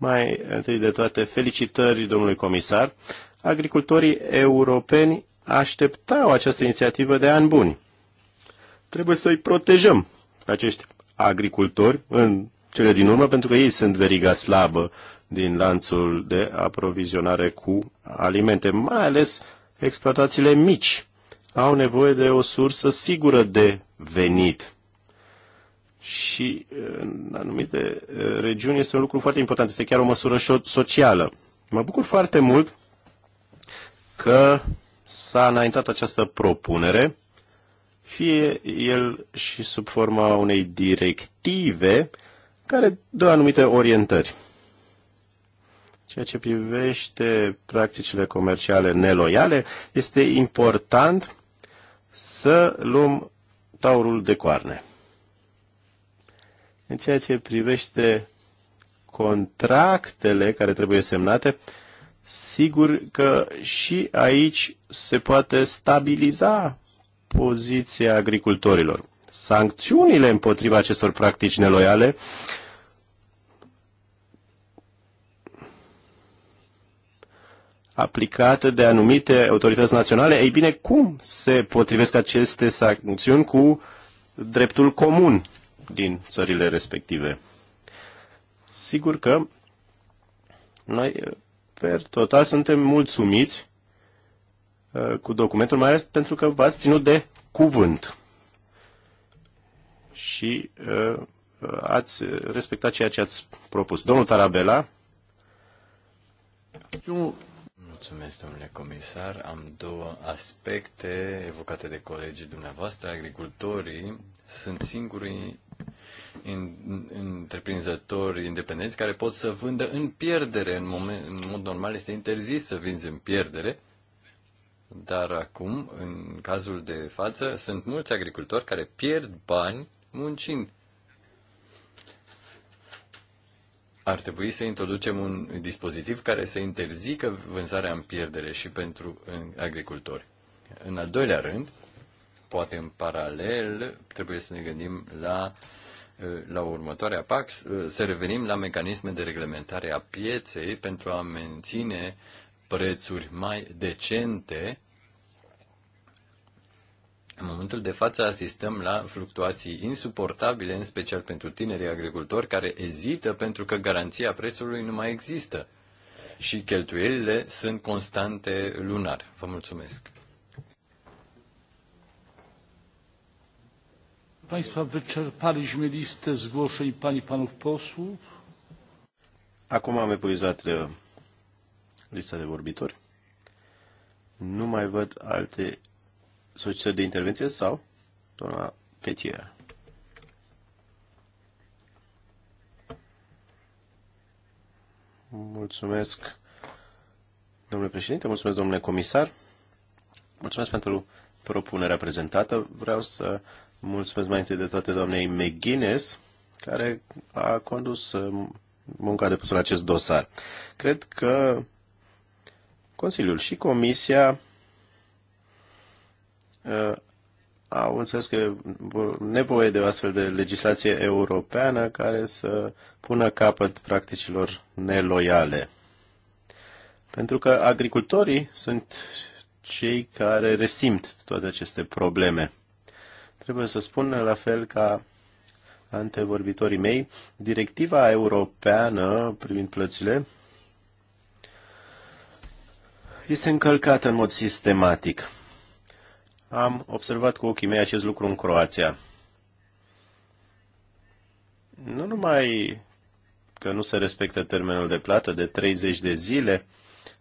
Mai întâi de toate, felicitări domnului comisar. Agricultorii europeni așteptau această inițiativă de ani buni. Trebuie să-i protejăm acești agricultori în cele din urmă, pentru că ei sunt veriga slabă din lanțul de aprovizionare cu alimente, mai ales exploatațiile mici au nevoie de o sursă sigură de venit și în anumite regiuni este un lucru foarte important, este chiar o măsură socială. Mă bucur foarte mult că s-a înaintat această propunere, fie el și sub forma unei directive care dă anumite orientări. Ceea ce privește practicile comerciale neloiale, este important să luăm taurul de coarne. În ceea ce privește contractele care trebuie semnate, sigur că și aici se poate stabiliza poziția agricultorilor. Sancțiunile împotriva acestor practici neloiale aplicate de anumite autorități naționale, ei bine, cum se potrivesc aceste sancțiuni cu dreptul comun? din țările respective. Sigur că noi, per total, suntem mulțumiți uh, cu documentul, mai ales pentru că v-ați ținut de cuvânt și uh, ați respectat ceea ce ați propus. Domnul Tarabela. Eu... Mulțumesc, domnule comisar. Am două aspecte evocate de colegii dumneavoastră. Agricultorii sunt singurii întreprinzători independenți care pot să vândă în pierdere. În, moment, în mod normal este interzis să vinzi în pierdere, dar acum, în cazul de față, sunt mulți agricultori care pierd bani muncind. Ar trebui să introducem un dispozitiv care să interzică vânzarea în pierdere și pentru agricultori. În al doilea rând, poate în paralel, trebuie să ne gândim la uh, la următoarea PAX, uh, să revenim la mecanisme de reglementare a pieței pentru a menține prețuri mai decente. În momentul de față asistăm la fluctuații insuportabile, în special pentru tinerii agricultori care ezită pentru că garanția prețului nu mai există și cheltuielile sunt constante lunar. Vă mulțumesc! Państwa, wyczerpaliśmy listę zgłoszeń pani i panów posłów. Acum am epuizat uh, lista de vorbitori. Nu mai văd alte solicitări de intervenție sau doamna Petier. Mulțumesc, domnule președinte, mulțumesc, domnule comisar. Mulțumesc pentru propunerea prezentată. Vreau să Mulțumesc mai întâi de toate doamnei McGuinness, care a condus uh, munca depusă la acest dosar. Cred că Consiliul și Comisia uh, au înțeles că nevoie de o astfel de legislație europeană care să pună capăt practicilor neloiale. Pentru că agricultorii sunt cei care resimt toate aceste probleme. Trebuie să spun la fel ca antevorbitorii mei, directiva europeană privind plățile este încălcată în mod sistematic. Am observat cu ochii mei acest lucru în Croația. Nu numai că nu se respectă termenul de plată de 30 de zile,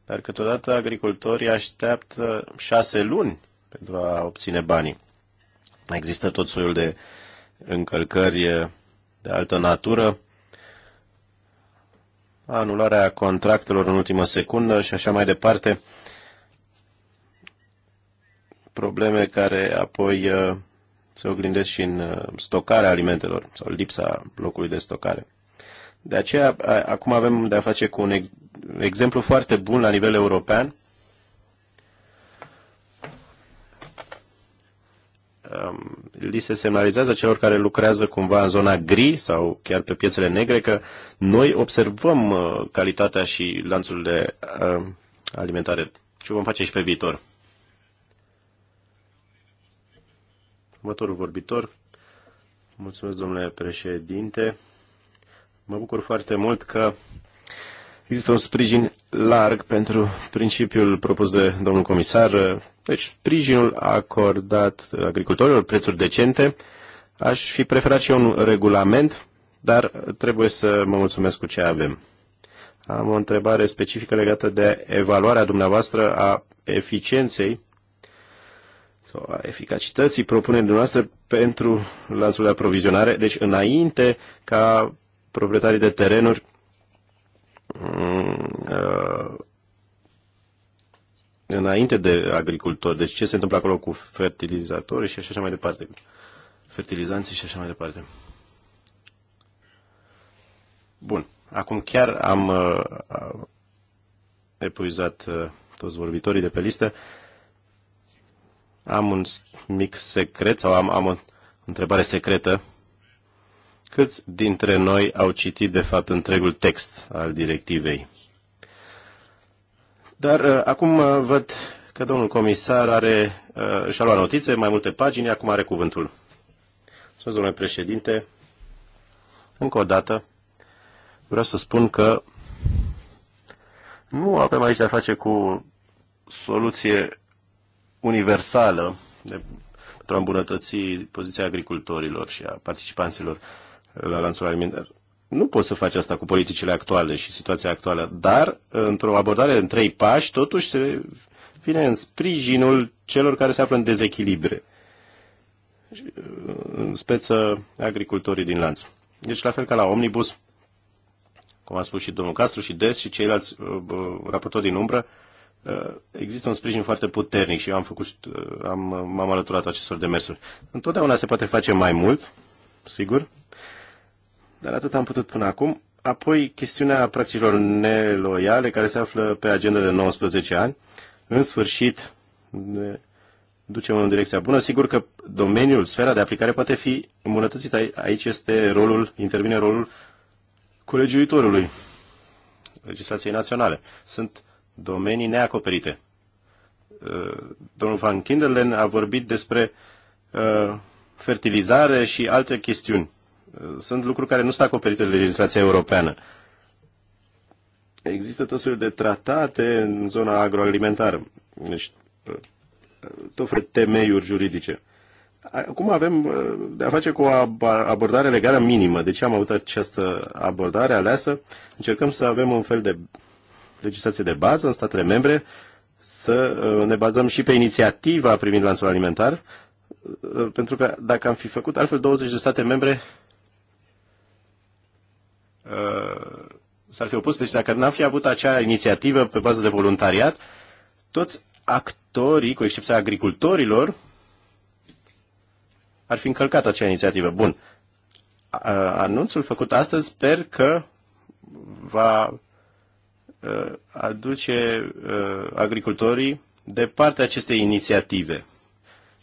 dar câteodată agricultorii așteaptă șase luni pentru a obține banii. Există tot soiul de încălcări de altă natură, anularea contractelor în ultimă secundă și așa mai departe, probleme care apoi uh, se oglindesc și în uh, stocarea alimentelor sau lipsa locului de stocare. De aceea, acum avem de a face cu un exemplu foarte bun la nivel european Um, li se semnalizează celor care lucrează cumva în zona gri sau chiar pe piețele negre că noi observăm uh, calitatea și lanțurile uh, alimentare. Ce vom face și pe viitor? Următorul vorbitor. Mulțumesc, domnule președinte. Mă bucur foarte mult că Există un sprijin larg pentru principiul propus de domnul comisar, deci sprijinul acordat agricultorilor, prețuri decente. Aș fi preferat și eu un regulament, dar trebuie să mă mulțumesc cu ce avem. Am o întrebare specifică legată de evaluarea dumneavoastră a eficienței sau a eficacității propunerii dumneavoastră pentru lanțul de aprovizionare, deci înainte ca proprietarii de terenuri Mm, uh, înainte de agricultori. Deci ce se întâmplă acolo cu fertilizatori și așa mai departe. Fertilizanții și așa mai departe. Bun. Acum chiar am uh, uh epuizat uh, toți vorbitorii de pe listă. Am un mic secret sau am, am o întrebare secretă Câți dintre noi au citit, de fapt, întregul text al directivei? Dar uh, acum uh, văd că domnul comisar are, uh, și-a luat notițe, mai multe pagini, acum are cuvântul. Sunt domnule președinte. Încă o dată, vreau să spun că nu avem aici de-a face cu soluție universală de, pentru a îmbunătăți poziția agricultorilor și a participanților la lanțul alimentar. Nu poți să faci asta cu politicile actuale și situația actuală, dar într-o abordare în trei pași, totuși se vine în sprijinul celor care se află în dezechilibre, în speță agricultorii din lanț. Deci, la fel ca la Omnibus, cum a spus și domnul Castru și Des și ceilalți uh, raportori din umbră, uh, există un sprijin foarte puternic și eu am făcut, uh, am, m-am alăturat acestor demersuri. Întotdeauna se poate face mai mult, sigur, dar atât am putut până acum. Apoi, chestiunea practicilor neloiale, care se află pe agenda de 19 ani. În sfârșit, ne ducem în direcția bună. Sigur că domeniul, sfera de aplicare poate fi îmbunătățită. Aici este rolul, intervine rolul colegiuitorului legislației naționale. Sunt domenii neacoperite. Uh, domnul Van Kinderlen a vorbit despre uh, fertilizare și alte chestiuni sunt lucruri care nu sunt acoperite de legislația europeană. Există tot felul de tratate în zona agroalimentară, deci tot felul de temeiuri juridice. Acum avem uh, de a face cu o abordare legală minimă. De ce am avut această abordare aleasă? Încercăm să avem un fel de legislație de bază în statele membre, să uh, ne bazăm și pe inițiativa privind lanțul alimentar, uh, pentru că dacă am fi făcut altfel 20 de state membre, Uh, s-ar fi opus. Deci dacă n-am fi avut acea inițiativă pe bază de voluntariat, toți actorii, cu excepția agricultorilor, ar fi încălcat acea inițiativă. Bun. Anunțul făcut astăzi sper că va uh, aduce uh, agricultorii de partea acestei inițiative.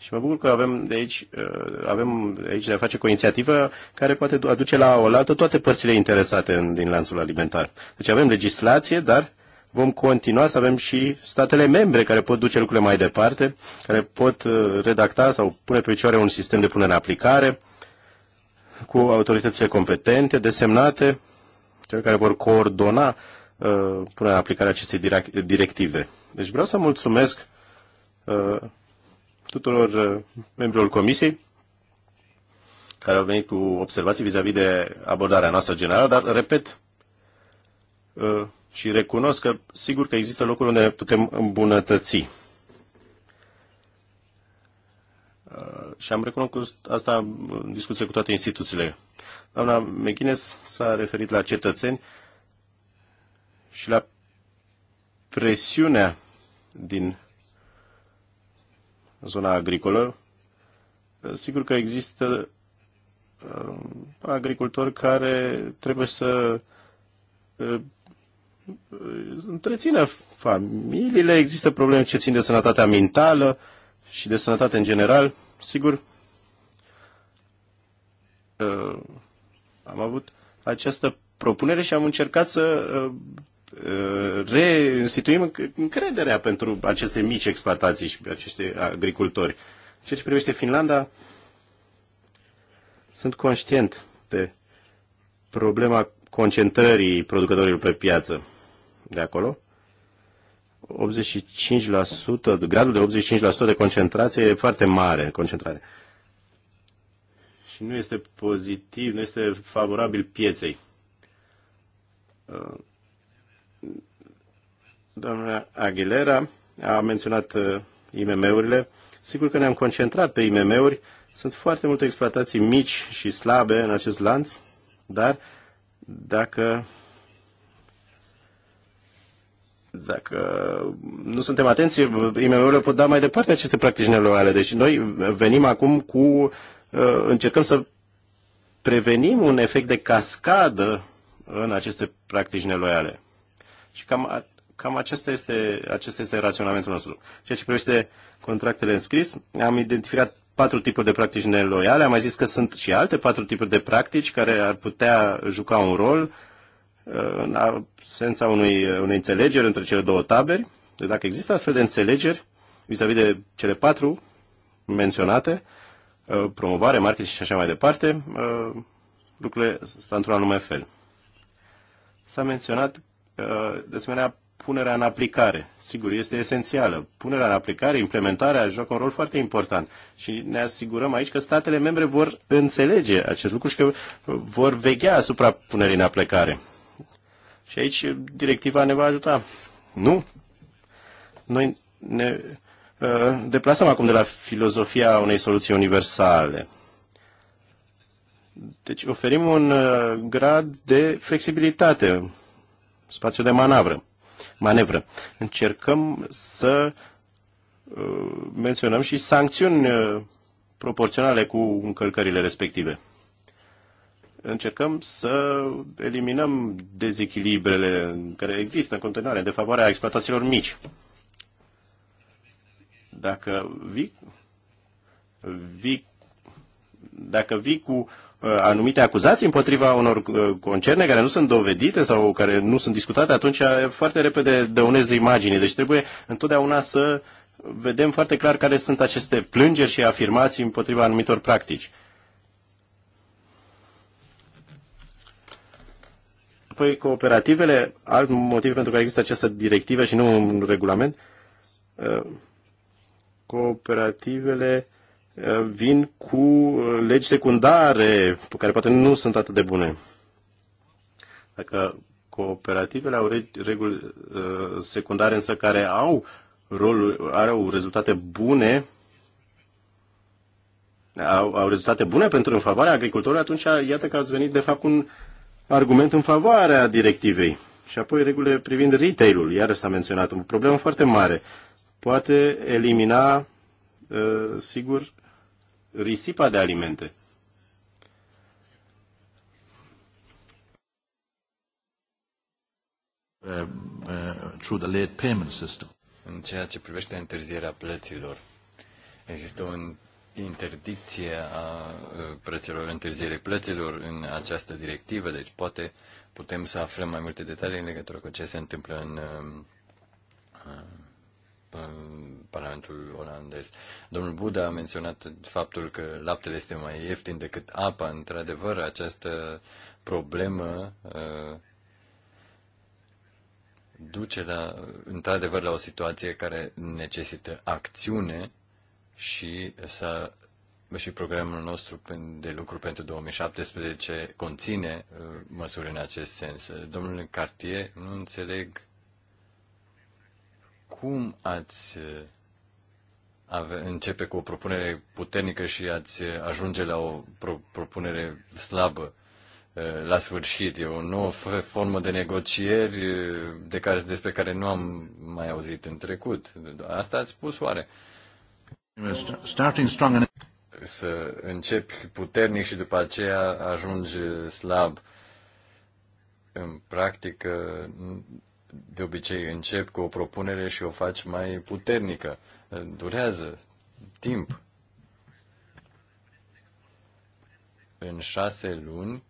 Și mă bucur că avem de aici, uh, avem de aici de a face cu o inițiativă care poate aduce la o altă toate părțile interesate în, din lanțul alimentar. Deci avem legislație, dar vom continua să avem și statele membre care pot duce lucrurile mai departe, care pot uh, redacta sau pune pe picioare un sistem de punere în aplicare cu autoritățile competente, desemnate, cele care vor coordona uh, punerea în aplicare acestei directive. Deci vreau să mulțumesc uh, tuturor uh, membrilor comisiei care au venit cu observații vis-a-vis -vis de abordarea noastră generală, dar repet uh, și recunosc că sigur că există locuri unde putem îmbunătăți. Uh, și am recunoscut asta în discuție cu toate instituțiile. Doamna McGuinness s-a referit la cetățeni și la presiunea din zona agricolă, sigur că există uh, agricultori care trebuie să uh, întrețină familiile, există probleme ce țin de sănătatea mentală și de sănătate în general. Sigur, uh, am avut această propunere și am încercat să Uh, reinstituim încrederea pentru aceste mici exploatații și aceste agricultori. Ceea ce privește Finlanda, sunt conștient de problema concentrării producătorilor pe piață de acolo. 85%, gradul de 85% de concentrație e foarte mare, concentrare. Și nu este pozitiv, nu este favorabil pieței. Uh, Domnule Aguilera a menționat uh, IMM-urile. Sigur că ne-am concentrat pe IMM-uri. Sunt foarte multe exploatații mici și slabe în acest lanț, dar dacă dacă nu suntem atenți, IMM-urile pot da mai departe aceste practici neloiale. Deci noi venim acum cu, uh, încercăm să prevenim un efect de cascadă în aceste practici neloiale. Și cam Cam acesta este, acesta este raționamentul nostru. Ceea ce privește contractele scris, am identificat patru tipuri de practici neloiale, am mai zis că sunt și alte patru tipuri de practici care ar putea juca un rol uh, în absența unui, unei înțelegeri între cele două taberi. Deci dacă există astfel de înțelegeri vis-a-vis -vis de cele patru menționate, uh, promovare, marketing și așa mai departe, uh, lucrurile stau într-un anume fel. S-a menționat de asemenea punerea în aplicare. Sigur, este esențială. Punerea în aplicare, implementarea joacă un rol foarte important și ne asigurăm aici că statele membre vor înțelege acest lucru și că vor veghea asupra punerii în aplicare. Și aici directiva ne va ajuta. Nu? Noi ne uh, deplasăm acum de la filozofia unei soluții universale. Deci oferim un uh, grad de flexibilitate, spațiu de manavră manevră. Încercăm să uh, menționăm și sancțiuni uh, proporționale cu încălcările respective. Încercăm să eliminăm dezechilibrele care există în continuare de favoarea exploatațiilor mici. Dacă vii, vii, dacă vii cu Uh, anumite acuzații împotriva unor uh, concerne care nu sunt dovedite sau care nu sunt discutate, atunci foarte repede dăuneze imagini, Deci trebuie întotdeauna să vedem foarte clar care sunt aceste plângeri și afirmații împotriva anumitor practici. Apoi cooperativele, alt motiv pentru care există această directivă și nu un regulament, uh, cooperativele Uh, vin cu uh, legi secundare, care poate nu sunt atât de bune. Dacă cooperativele au reguli uh, secundare, însă care au are au rezultate bune, au, au rezultate bune pentru în favoarea agricultorului, atunci iată că ați venit de fapt un argument în favoarea directivei. Și apoi regulile privind retail-ul, iarăși s-a menționat, un problemă foarte mare. Poate elimina, sigur, risipa de alimente. Uh, uh, through the late payment system. În ceea ce privește întârzierea plăților, există o interdicție a uh, plăților, întârzierii plăților în această directivă, deci poate putem să aflăm mai multe detalii în legătură cu ce se întâmplă în uh, uh, Parlamentul olandez. Domnul Buda a menționat faptul că laptele este mai ieftin decât apa. Într-adevăr, această problemă uh, duce la, într-adevăr la o situație care necesită acțiune și să și programul nostru de lucru pentru 2017 conține uh, măsuri în acest sens. Domnule Cartier, nu înțeleg cum ați uh, ave, începe cu o propunere puternică și ați uh, ajunge la o pro, propunere slabă uh, la sfârșit. E o nouă formă de negocieri de care, despre care nu am mai auzit în trecut. Asta ați spus oare? Starting strong and... Să începi puternic și după aceea ajungi slab. În practică de obicei încep cu o propunere și o faci mai puternică. Durează timp. În șase luni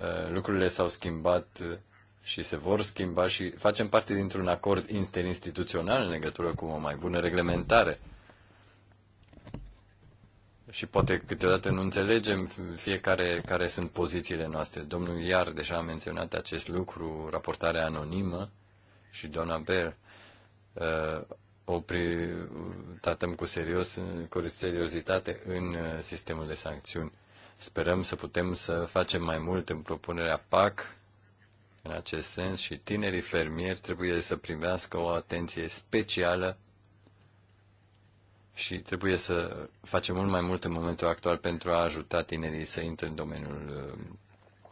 ă, lucrurile s-au schimbat și se vor schimba și facem parte dintr-un acord interinstituțional în legătură cu o mai bună reglementare și poate câteodată nu înțelegem fiecare care sunt pozițiile noastre. Domnul Iar deja a menționat acest lucru, raportarea anonimă și doamna Ber uh, o pri, tratăm cu, serios, cu seriozitate în uh, sistemul de sancțiuni. Sperăm să putem să facem mai mult în propunerea PAC în acest sens și tinerii fermieri trebuie să primească o atenție specială și trebuie să facem mult mai mult în momentul actual pentru a ajuta tinerii să intre în domeniul uh,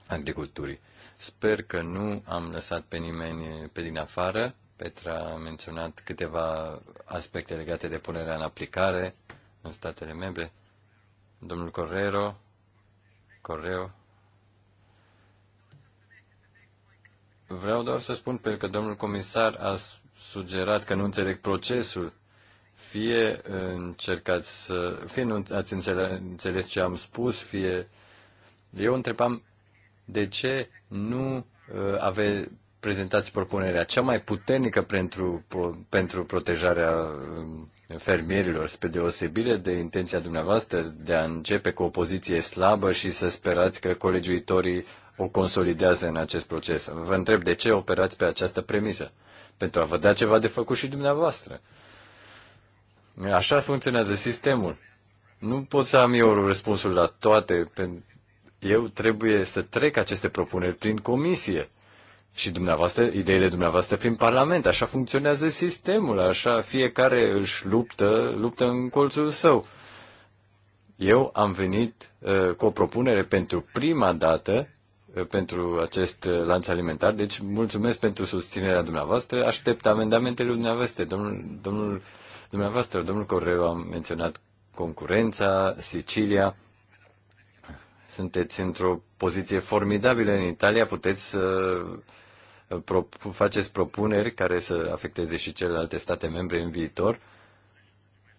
agriculturii. Sper că nu am lăsat pe nimeni uh, pe din afară. Petra a menționat câteva aspecte legate de punerea în aplicare în statele membre. Domnul Correro, Correo. Vreau doar să spun, pentru că domnul comisar a sugerat că nu înțeleg procesul fie uh, încercați să... Fie nu ați înțeles ce am spus, fie... Eu întrebam de ce nu uh, ave, prezentați propunerea cea mai puternică pentru, pentru protejarea um, fermierilor, spre deosebire de intenția dumneavoastră de a începe cu o poziție slabă și să sperați că colegiuitorii o consolidează în acest proces. Vă întreb de ce operați pe această premisă? Pentru a vă da ceva de făcut și dumneavoastră. Așa funcționează sistemul. Nu pot să am eu răspunsul la toate. Eu trebuie să trec aceste propuneri prin comisie și dumneavoastră, ideile dumneavoastră prin Parlament. Așa funcționează sistemul, așa fiecare își luptă, luptă în colțul său. Eu am venit uh, cu o propunere pentru prima dată uh, pentru acest uh, lanț alimentar, deci mulțumesc pentru susținerea dumneavoastră, aștept amendamentele dumneavoastră. Domnul, domnul uh, Dumneavoastră, domnul Correu, am menționat concurența, Sicilia. Sunteți într-o poziție formidabilă în Italia, puteți să uh, faceți propuneri care să afecteze și celelalte state membre în viitor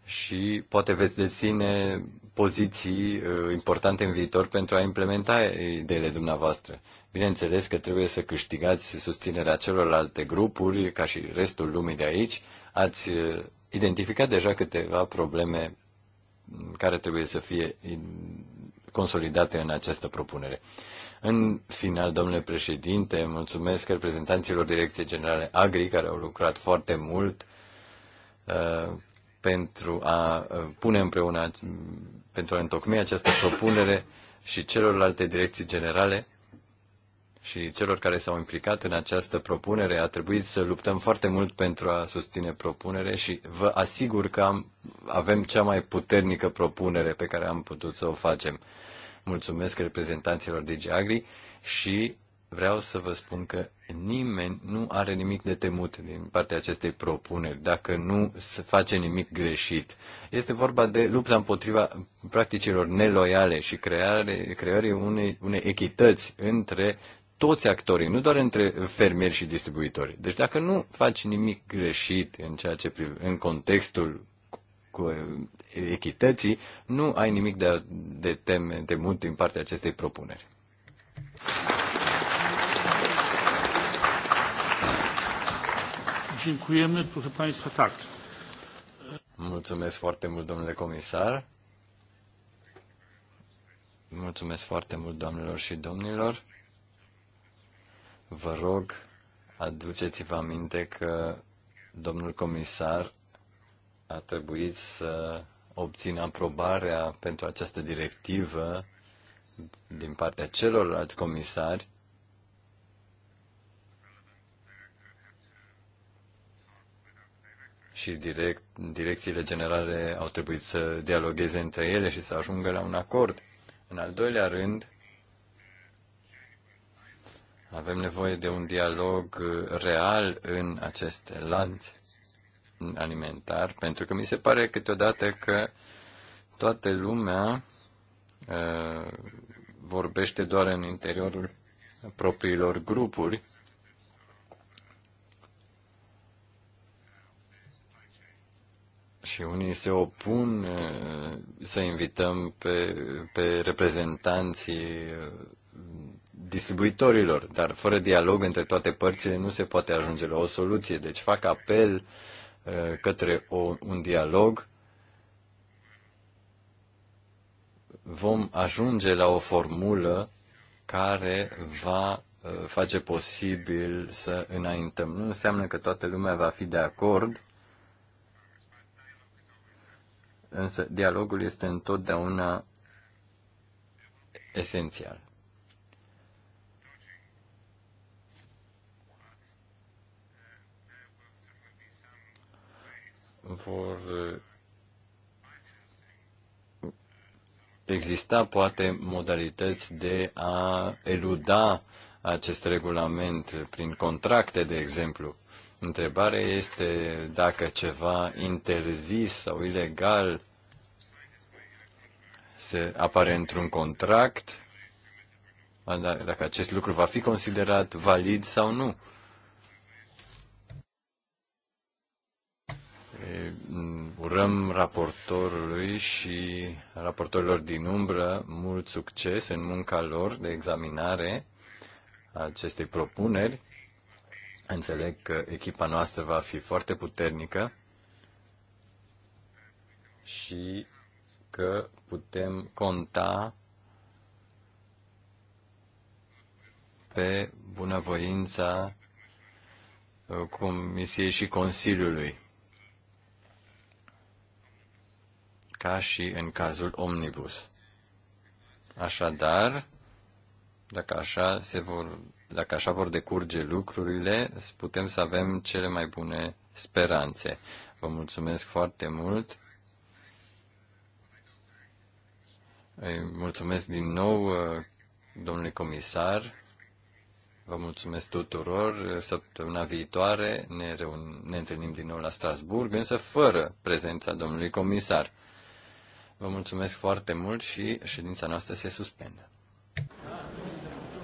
și poate veți deține poziții uh, importante în viitor pentru a implementa ideile dumneavoastră. Bineînțeles că trebuie să câștigați susținerea celorlalte grupuri, ca și restul lumii de aici. Ați uh, identificat deja câteva probleme care trebuie să fie consolidate în această propunere. În final, domnule președinte, mulțumesc reprezentanților Direcției Generale Agri care au lucrat foarte mult uh, pentru a uh, pune împreună, pentru a întocmi această propunere și celorlalte direcții generale și celor care s-au implicat în această propunere. A trebuit să luptăm foarte mult pentru a susține propunere și vă asigur că am, avem cea mai puternică propunere pe care am putut să o facem. Mulțumesc reprezentanților de Agri și vreau să vă spun că nimeni nu are nimic de temut din partea acestei propuneri, dacă nu se face nimic greșit. Este vorba de lupta împotriva practicilor neloiale și creare, creării unei, unei echități între toți actorii, nu doar între fermieri și distribuitori. Deci dacă nu faci nimic greșit în, ceea ce priv- în contextul cu uh, echității, nu ai nimic de, de teme, mult din partea acestei propuneri. Mulțumesc foarte mult, domnule comisar. Mulțumesc foarte mult, doamnelor și domnilor. Vă rog, aduceți-vă aminte că domnul comisar a trebuit să obțină aprobarea pentru această directivă din partea celorlalți comisari și direct, direcțiile generale au trebuit să dialogueze între ele și să ajungă la un acord. În al doilea rând, avem nevoie de un dialog uh, real în acest lanț alimentar, pentru că mi se pare câteodată că toată lumea uh, vorbește doar în interiorul propriilor grupuri. Și unii se opun uh, să invităm pe, pe reprezentanții uh, distribuitorilor, dar fără dialog între toate părțile nu se poate ajunge la o soluție. Deci fac apel uh, către o, un dialog. Vom ajunge la o formulă care va uh, face posibil să înaintăm. Nu înseamnă că toată lumea va fi de acord, însă dialogul este întotdeauna esențial. vor eh, exista poate modalități de a eluda acest regulament prin contracte, de exemplu. Întrebarea este dacă ceva interzis sau ilegal se apare într-un contract, da, dacă acest lucru va fi considerat valid sau nu. urăm raportorului și raportorilor din umbră mult succes în munca lor de examinare a acestei propuneri. Înțeleg că echipa noastră va fi foarte puternică și că putem conta pe bunăvoința Comisiei și Consiliului. ca și în cazul Omnibus. Așadar, dacă așa, se vor, dacă așa vor decurge lucrurile, putem să avem cele mai bune speranțe. Vă mulțumesc foarte mult. Îi mulțumesc din nou, uh, domnule comisar. Vă mulțumesc tuturor. Săptămâna viitoare ne, reun- ne întâlnim din nou la Strasburg, însă fără prezența domnului comisar. Vă mulțumesc foarte mult și ședința noastră se suspendă.